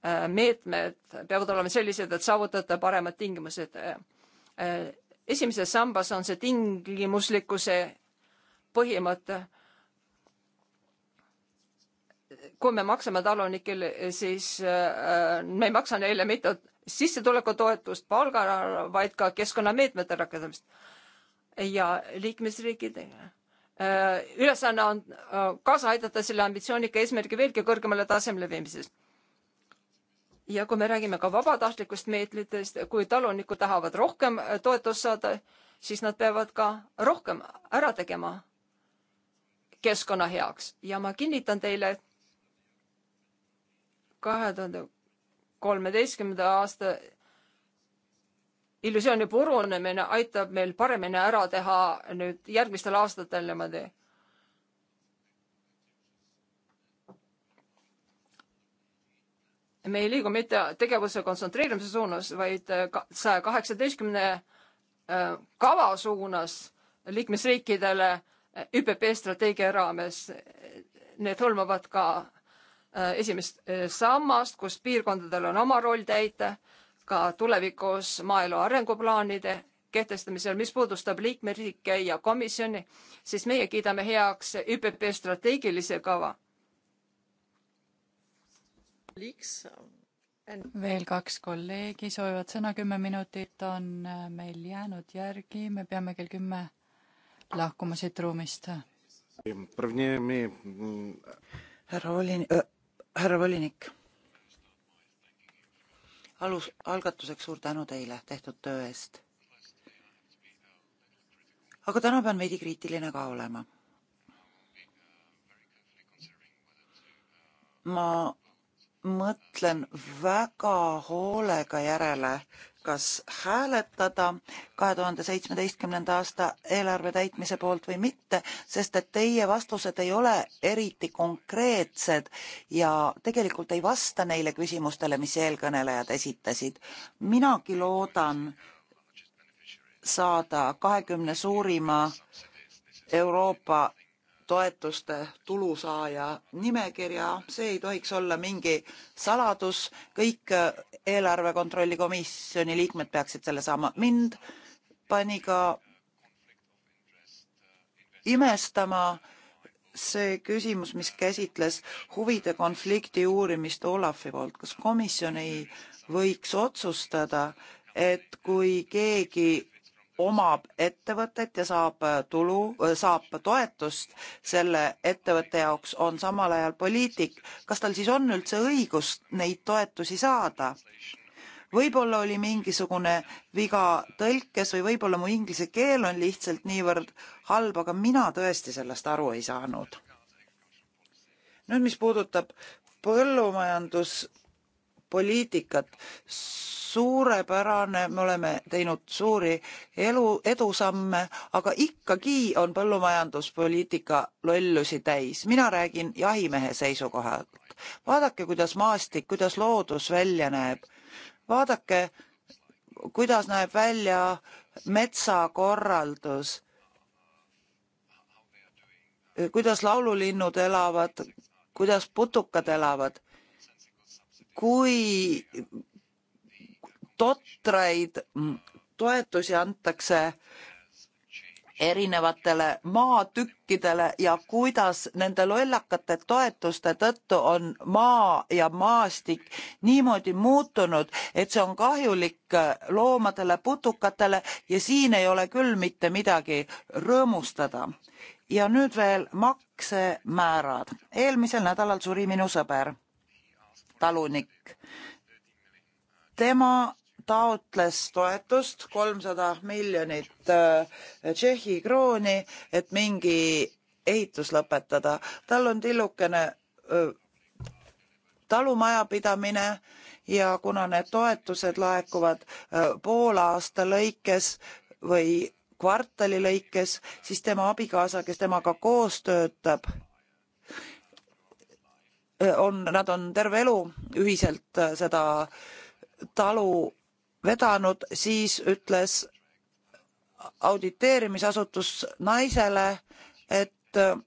äh, meetmed peavad olema sellised, et saavutada paremad tingimused esimeses sambas on see tingimuslikkuse põhimõte. kui me maksame talunikele, siis äh, me ei maksa neile mitte sissetulekutoetust, palga, vaid ka keskkonnameetmete rakendamist ja liikmesriikidega äh, ülesanne on äh, kaasa aidata selle ambitsioonika eesmärgi veelgi kõrgemale tasemele viimises ja kui me räägime ka vabatahtlikust meetritest, kui talunikud tahavad rohkem äh, toetust saada, siis nad peavad ka rohkem ära tegema keskkonna heaks ja ma kinnitan teile, kahe tuhande kolmeteistkümnenda aasta illusiooni purunemine aitab meil paremini ära teha nüüd järgmistel aastatel niimoodi me ei liigu mitte tegevuse kontsentreerimise suunas, vaid äh, saja kaheksateistkümne äh, kava suunas liikmesriikidele äh, ÜPP strateegia raames. Need hõlmavad ka esimest sammast, kus piirkondadel on oma roll täita, ka tulevikus maaelu arenguplaanide kehtestamisel, mis puudustab liikmeriike ja komisjoni, siis meie kiidame heaks ÜPP strateegilise kava veel kaks kolleegi soovivad sõna, kümme minutit on äh, meil jäänud järgi, me peame kell kümme lahkuma siit ruumist. Mm, härra volin- äh,, härra volinik, alus, algatuseks suur tänu teile tehtud töö eest. aga täna pean veidi kriitiline ka olema. ma mõtlen väga hoolega järele, kas hääletada kahe tuhande seitsmeteistkümnenda aasta eelarve täitmise poolt või mitte, sest et teie vastused ei ole eriti konkreetsed ja tegelikult ei vasta neile küsimustele, mis eelkõnelejad esitasid. minagi loodan saada kahekümne suurima Euroopa toetuste tulusaaja nimekirja, see ei tohiks olla mingi saladus, kõik äh, eelarve kontrolli komisjoni liikmed peaksid selle saama. mind pani ka imestama see küsimus, mis käsitles huvide konflikti uurimist Olafi poolt, kas komisjon ei võiks otsustada, et kui keegi omab ettevõtet ja saab äh, tulu, äh, saab toetust selle ettevõtte jaoks, on samal ajal poliitik, kas tal siis on üldse õigust neid toetusi saada? võib-olla oli mingisugune viga tõlkes või võib-olla mu inglise keel on lihtsalt niivõrd halb, aga mina tõesti sellest aru ei saanud. nüüd, mis puudutab põllumajandus poliitikat. suurepärane, me oleme teinud suuri elu, edusamme, aga ikkagi on põllumajanduspoliitika lollusi täis. mina räägin jahimehe seisukohalt. vaadake, kuidas maastik, kuidas loodus välja näeb. vaadake, kuidas näeb välja metsakorraldus kuidas laululinnud elavad, kuidas putukad elavad kui totraid toetusi antakse erinevatele maatükkidele ja kuidas nende lollakate toetuste tõttu on maa ja maastik niimoodi muutunud, et see on kahjulik loomadele, putukatele ja siin ei ole küll mitte midagi rõõmustada. ja nüüd veel maksemäärad. eelmisel nädalal suri minu sõber talunik. tema taotles toetust kolmsada miljonit äh, Tšehhi krooni, et mingi ehitus lõpetada. tal on tillukene äh, talumajapidamine ja kuna need toetused laekuvad äh, poole aasta lõikes või kvartali lõikes, siis tema abikaasa, kes temaga koos töötab, Äh, on, nad on terve elu ühiselt äh, seda talu vedanud, siis ütles auditeerimisasutus naisele, et äh,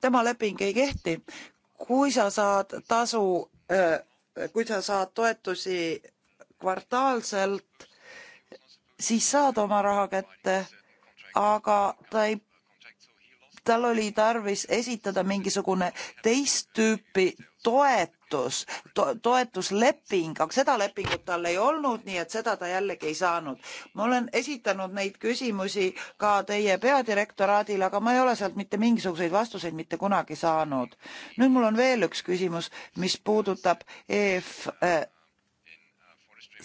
tema leping ei kehti. kui sa saad tasu, kui sa saad toetusi kvartaalselt, siis saad oma raha kätte, aga ta ei tal oli tarvis esitada mingisugune teist tüüpi toetus to,, toetusleping, aga seda lepingut tal ei olnud, nii et seda ta jällegi ei saanud. ma olen esitanud neid küsimusi ka teie peadirektoraadile, aga ma ei ole sealt mitte mingisuguseid vastuseid mitte kunagi saanud. nüüd mul on veel üks küsimus, mis puudutab EF äh,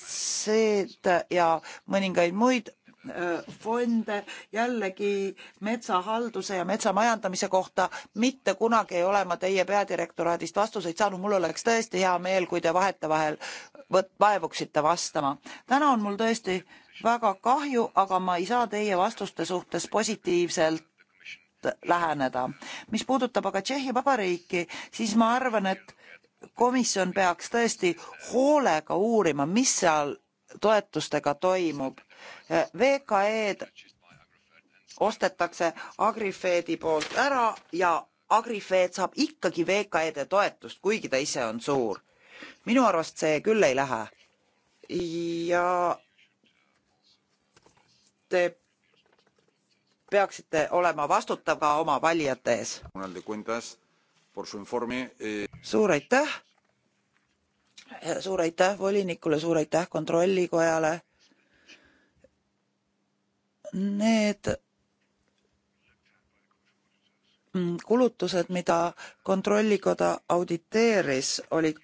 seed ja mõningaid muid Äh, fonde jällegi metsahalduse ja metsamajandamise kohta. mitte kunagi ei ole ma teie peadirektoraadist vastuseid saanud, mul oleks tõesti hea meel, kui te vahetevahel vaevuksite vastama. täna on mul tõesti väga kahju, aga ma ei saa teie vastuste suhtes positiivselt läheneda. mis puudutab aga Tšehhi Vabariiki, siis ma arvan, et komisjon peaks tõesti hoolega uurima, mis seal toetustega toimub. VKE-d ostetakse Agrifeedi poolt ära ja Agrifeed saab ikkagi VKE-de toetust, kuigi ta ise on suur. minu arust see küll ei lähe. ja te peaksite olema vastutav ka oma valijate ees. Eh, suur aitäh suur aitäh volinikule, suur aitäh kontrollikojale. Need kulutused, mida kontrollikoda auditeeris, olid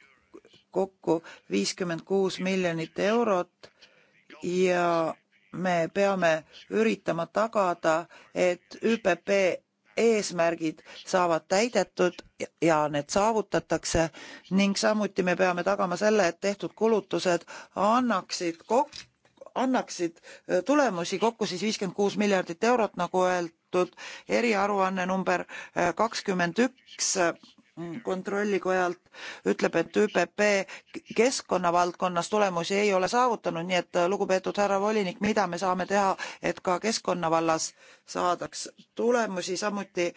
kokku viiskümmend kuus miljonit eurot ja me peame üritama tagada, et ÜPP eesmärgid saavad täidetud ja need saavutatakse ning samuti me peame tagama selle, et tehtud kulutused annaksid kokku annaksid tulemusi kokku siis viiskümmend kuus miljardit eurot, nagu öeldud, eriaruanne number kakskümmend üks Mm. kontrollikojalt ütleb, et ÜPP keskkonnavaldkonnas tulemusi ei ole saavutanud, nii et lugupeetud härra volinik, mida me saame teha, et ka keskkonna vallas saadaks tulemusi, samuti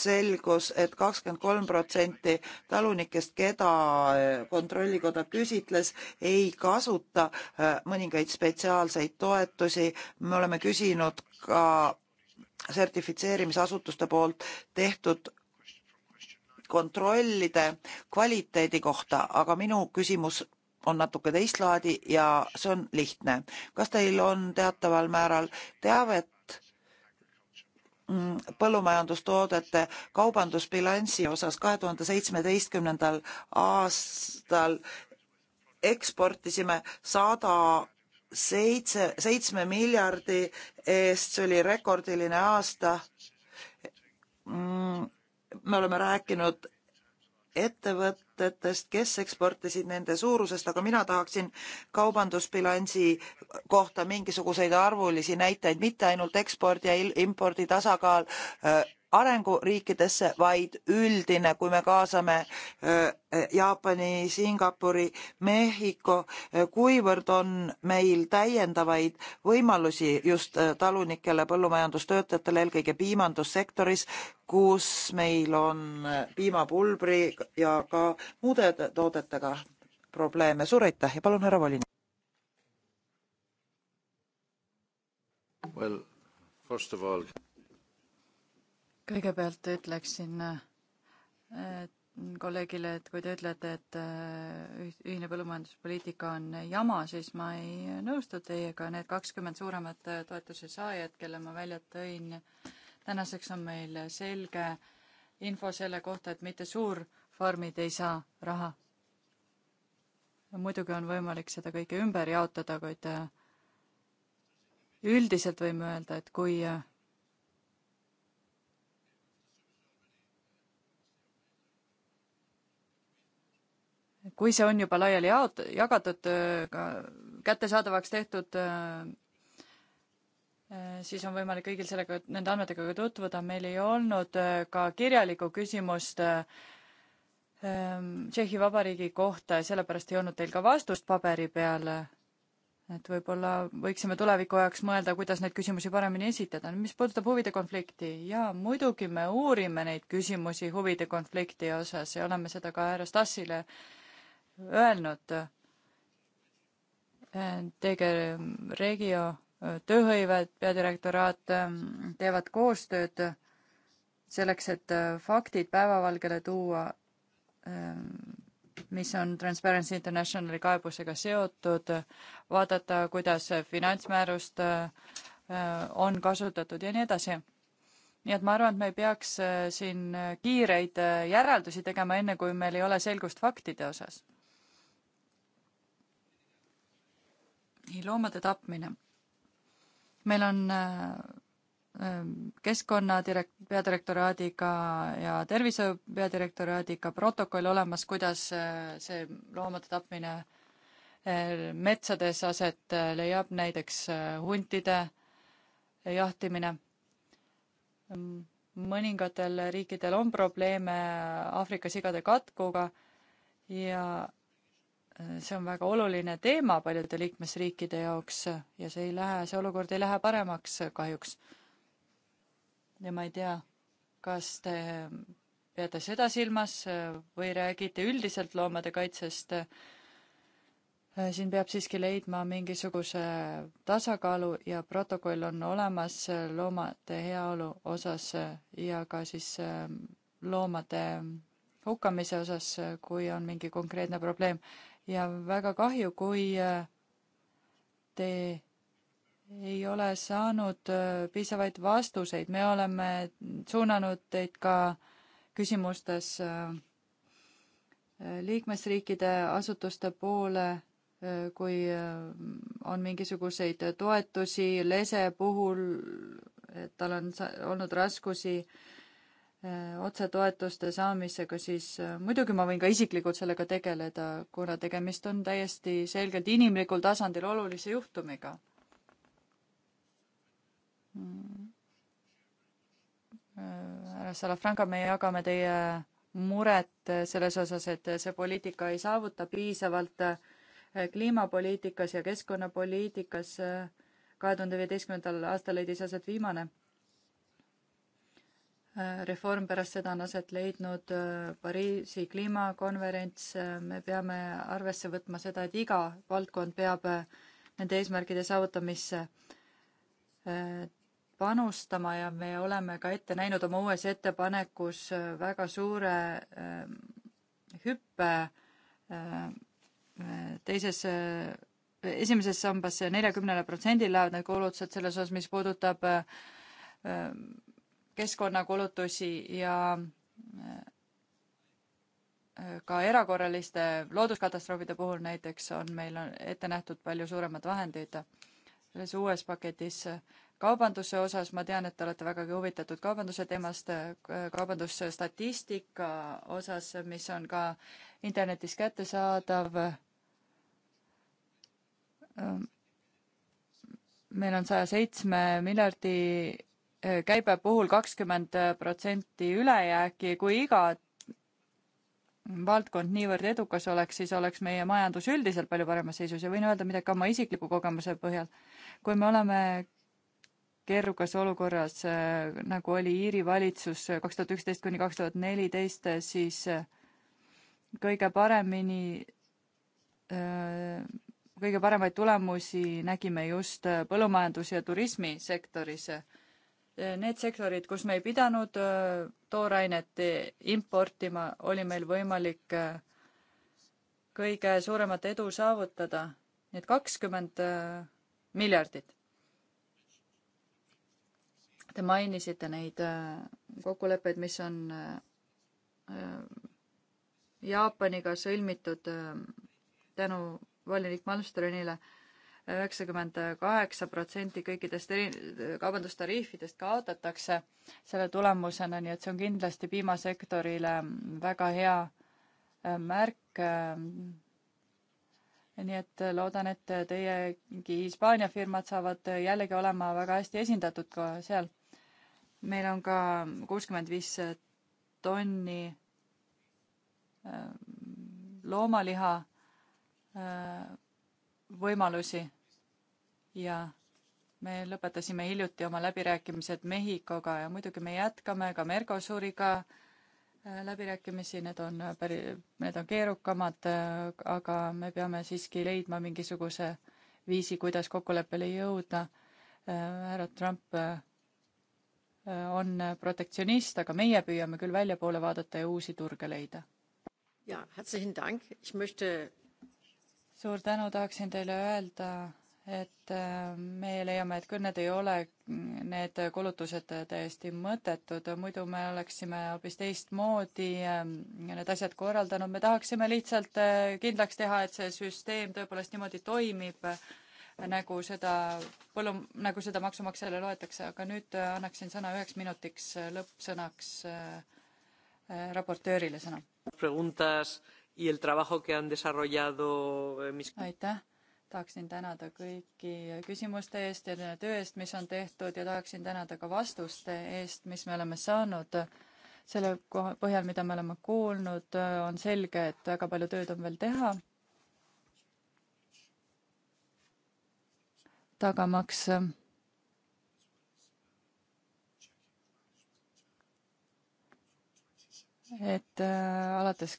selgus et, et kakskümmend kolm protsenti talunikest, keda eh, Kontrollikoda küsitles, ei kasuta eh, mõningaid spetsiaalseid toetusi. me oleme küsinud ka sertifitseerimisasutuste poolt tehtud kontrollide kvaliteedi kohta, aga minu küsimus on natuke teist laadi ja see on lihtne. kas teil on teataval määral teavet mm, põllumajandustoodete kaubandusbilansi osas kahe tuhande seitsmeteistkümnendal aastal eksportisime sada seitse, seitsme miljardi eest, see oli rekordiline aasta. Mm, me oleme rääkinud ettevõtetest, kes eksportisid nende suurusest, aga mina tahaksin kaubandusbilansi kohta mingisuguseid arvulisi näiteid, mitte ainult ekspordi ja impordi tasakaal äh, arenguriikidesse, vaid üldine, kui me kaasame Jaapani, Singapuri, Mehhiko, kuivõrd on meil täiendavaid võimalusi just talunikele, põllumajandustöötajatele, eelkõige piimandussektoris, kus meil on piimapulbri ja ka muude toodetega probleeme. suur aitäh ja palun, härra volinik. Well, first of all kõigepealt ütleksin äh, kolleegile, et kui te ütlete, et äh, ühine põllumajanduspoliitika on jama, siis ma ei nõustu teiega, need kakskümmend suuremat äh, toetuse saajat, kelle ma välja tõin, tänaseks on meil selge info selle kohta, et mitte suurfarmid ei saa raha. muidugi on võimalik seda kõike ümber jaotada, kuid üldiselt võime öelda, et kui kui see on juba laiali jaot-, jagatud, ka kättesaadavaks tehtud, siis on võimalik kõigil sellega, nende andmetega ka tutvuda, meil ei olnud äh, ka kirjalikku küsimust ähm, Tšehhi Vabariigi kohta ja sellepärast ei olnud teil ka vastust paberi peal. et võib-olla võiksime tuleviku ajaks mõelda, kuidas neid küsimusi paremini esitada. mis puudutab huvide konflikti, jaa, muidugi me uurime neid küsimusi huvide konflikti osas ja oleme seda ka härra Stassile äh, öelnud. tege Regio tööhõive peadirektoraat ähm, teevad koostööd selleks, et äh, faktid päevavalgele tuua, ähm, mis on Transparency Internationali kaebusega seotud, vaadata, kuidas finantsmäärust äh, äh, on kasutatud ja nii edasi. nii et ma arvan, et me ei peaks siin kiireid järeldusi tegema, enne kui meil ei ole selgust faktide osas loomade tapmine. meil on äh, äh, keskkonna direk-, peadirektoraadiga ja tervishoiu peadirektoraadiga protokoll olemas, kuidas äh, see loomade tapmine metsades aset leiab, näiteks huntide jahtimine. mõningatel riikidel on probleeme Aafrika sigade katkuga ja see on väga oluline teema paljude liikmesriikide jaoks ja see ei lähe, see olukord ei lähe paremaks kahjuks. ja ma ei tea, kas te peate seda silmas või räägite üldiselt loomade kaitsest. siin peab siiski leidma mingisuguse tasakaalu ja protokoll on olemas loomade heaolu osas ja ka siis ähm, loomade hukkamise osas, kui on mingi konkreetne probleem ja väga kahju, kui äh, te ei ole saanud äh, piisavaid vastuseid, me oleme suunanud teid ka küsimustes äh, liikmesriikide asutuste poole, kui on mingisuguseid toetusi lese puhul, et tal on olnud raskusi Äh, otsetoetuste saamisega, siis äh, muidugi ma võin ka isiklikult sellega tegeleda, kuna tegemist on täiesti selgelt inimlikul tasandil olulise juhtumiga. Mm. Äh, härra Salafranca, me jagame teie muret selles osas, et see poliitika ei saavuta piisavalt kliimapoliitikas ja keskkonnapoliitikas. kahe tuhande viieteistkümnendal aastal leidis aset viimane reform pärast seda on aset leidnud äh, Pariisi kliimakonverents, äh, me peame arvesse võtma seda, et iga valdkond peab äh, nende eesmärkide saavutamisse panustama ja me oleme ka ette näinud oma uues ettepanekus väga suure hüppe teises, esimeses sambas neljakümnele protsendile lähevad need kulutused selles osas, mis puudutab keskkonnakulutusi ja äh, ka erakorraliste looduskatastroofide puhul näiteks on meil ette nähtud palju suuremad vahendid selles uues paketis. kaubanduse osas ma tean, et te olete vägagi huvitatud kaubanduse teemast, äh, kaubandusstatistika osas, mis on ka internetis kättesaadav. Äh, meil on saja seitsme miljardi käibe puhul kakskümmend äh, protsenti ülejääki, kui iga valdkond niivõrd edukas oleks, siis oleks meie majandus üldiselt palju paremas seisus ja võin öelda midagi ka oma isikliku kogemuse põhjal. kui me oleme keerukas olukorras, äh, nagu oli Iiri valitsus äh, kaks tuhat üksteist kuni kaks tuhat neliteist, siis kõige paremini, kõige paremaid tulemusi nägime just põllumajandus- ja turismisektoris Äh, need sektorid, kus me ei pidanud äh, toorainet äh, importima, oli meil võimalik kõige suuremat edu saavutada, nii et kakskümmend miljardit. Te mainisite neid kokkuleppeid, mis on Jaapaniga sõlmitud tänu volinik Malmstronile üheksakümmend kaheksa protsenti kõikidest eri-, kaubandustariifidest kaotatakse selle tulemusena, nii et see on kindlasti piimasektorile väga hea äh, märk. Äh, nii et loodan, et teiegi Hispaania firmad saavad jällegi olema väga hästi esindatud ka seal. meil on ka kuuskümmend viis tonni äh, loomaliha võimalusi ja me lõpetasime hiljuti oma läbirääkimised Mehhikoga ja muidugi me jätkame ka Mercosuriga äh, läbirääkimisi, need on päri-, need on keerukamad, äh, aga me peame siiski leidma mingisuguse viisi, kuidas kokkuleppele jõuda. Äh, härra Trump on protektsionist, aga meie püüame küll väljapoole vaadata ja uusi turge leida. jaa, herzlichen Dank, ich möchte suur tänu, tahaksin teile öelda, et äh, me leiame, et küll need ei ole, need kulutused täiesti mõttetud, muidu me oleksime hoopis teistmoodi äh, need asjad korraldanud, me tahaksime lihtsalt äh, kindlaks teha, et see süsteem tõepoolest niimoodi toimib, nagu seda põllu, nagu seda maksumaksjale loetakse, aga nüüd annaksin sõna üheks minutiks lõppsõnaks raportöörile sõna. Eh, aitäh tahaksin tänada kõiki küsimuste eest ja töö eest, mis on tehtud ja tahaksin tänada ka vastuste eest, mis me oleme saanud. selle koha, põhjal, mida me oleme kuulnud, on selge, et väga palju tööd on veel teha. tagamaks et äh, alates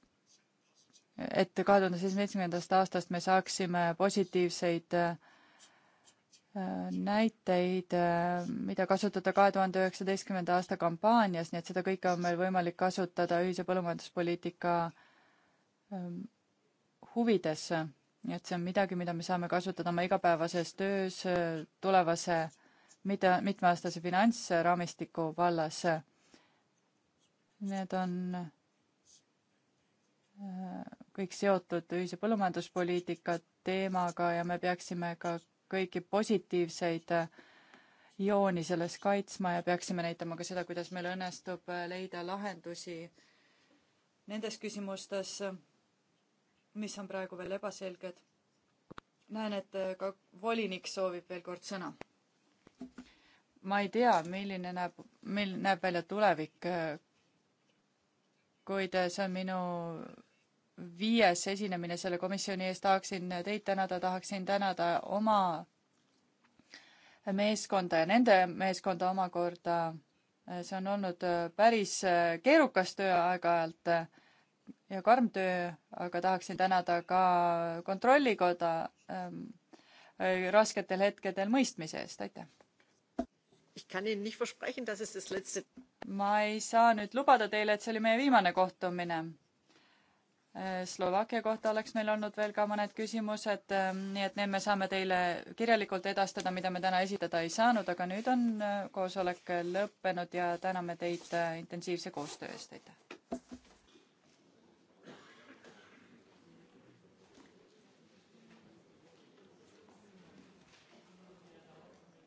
et kahe tuhande seitsmeteistkümnendast aastast me saaksime positiivseid äh, näiteid, äh, mida kasutada kahe tuhande üheksateistkümnenda aasta kampaanias, nii et seda kõike on meil võimalik kasutada ühise põllumajanduspoliitika ähm, huvides. nii et see on midagi, mida me saame kasutada oma igapäevases töös äh, tulevase mitte, mitmeaastase finantsraamistiku vallas. Need on kõik seotud ühise põllumajanduspoliitika teemaga ja me peaksime ka kõiki positiivseid jooni selles kaitsma ja peaksime näitama ka seda, kuidas meil õnnestub leida lahendusi nendes küsimustes, mis on praegu veel ebaselged. näen, et ka volinik soovib veel kord sõna. ma ei tea, milline näeb, milline näeb välja tulevik, kuid see on minu viies esinemine selle komisjoni ees, tahaksin teid tänada, tahaksin tänada oma meeskonda ja nende meeskonda omakorda. see on olnud päris keerukas töö aeg-ajalt ja karm töö, aga tahaksin tänada ka Kontrollikoda ähm, rasketel hetkedel mõistmise eest, aitäh! ma ei saa nüüd lubada teile, et see oli meie viimane kohtumine Äh, Slovakkia kohta oleks meil olnud veel ka mõned küsimused, ähm, nii et need me saame teile kirjalikult edastada, mida me täna esitada ei saanud, aga nüüd on äh, koosolek lõppenud ja täname teid äh, intensiivse koostöö eest, aitäh!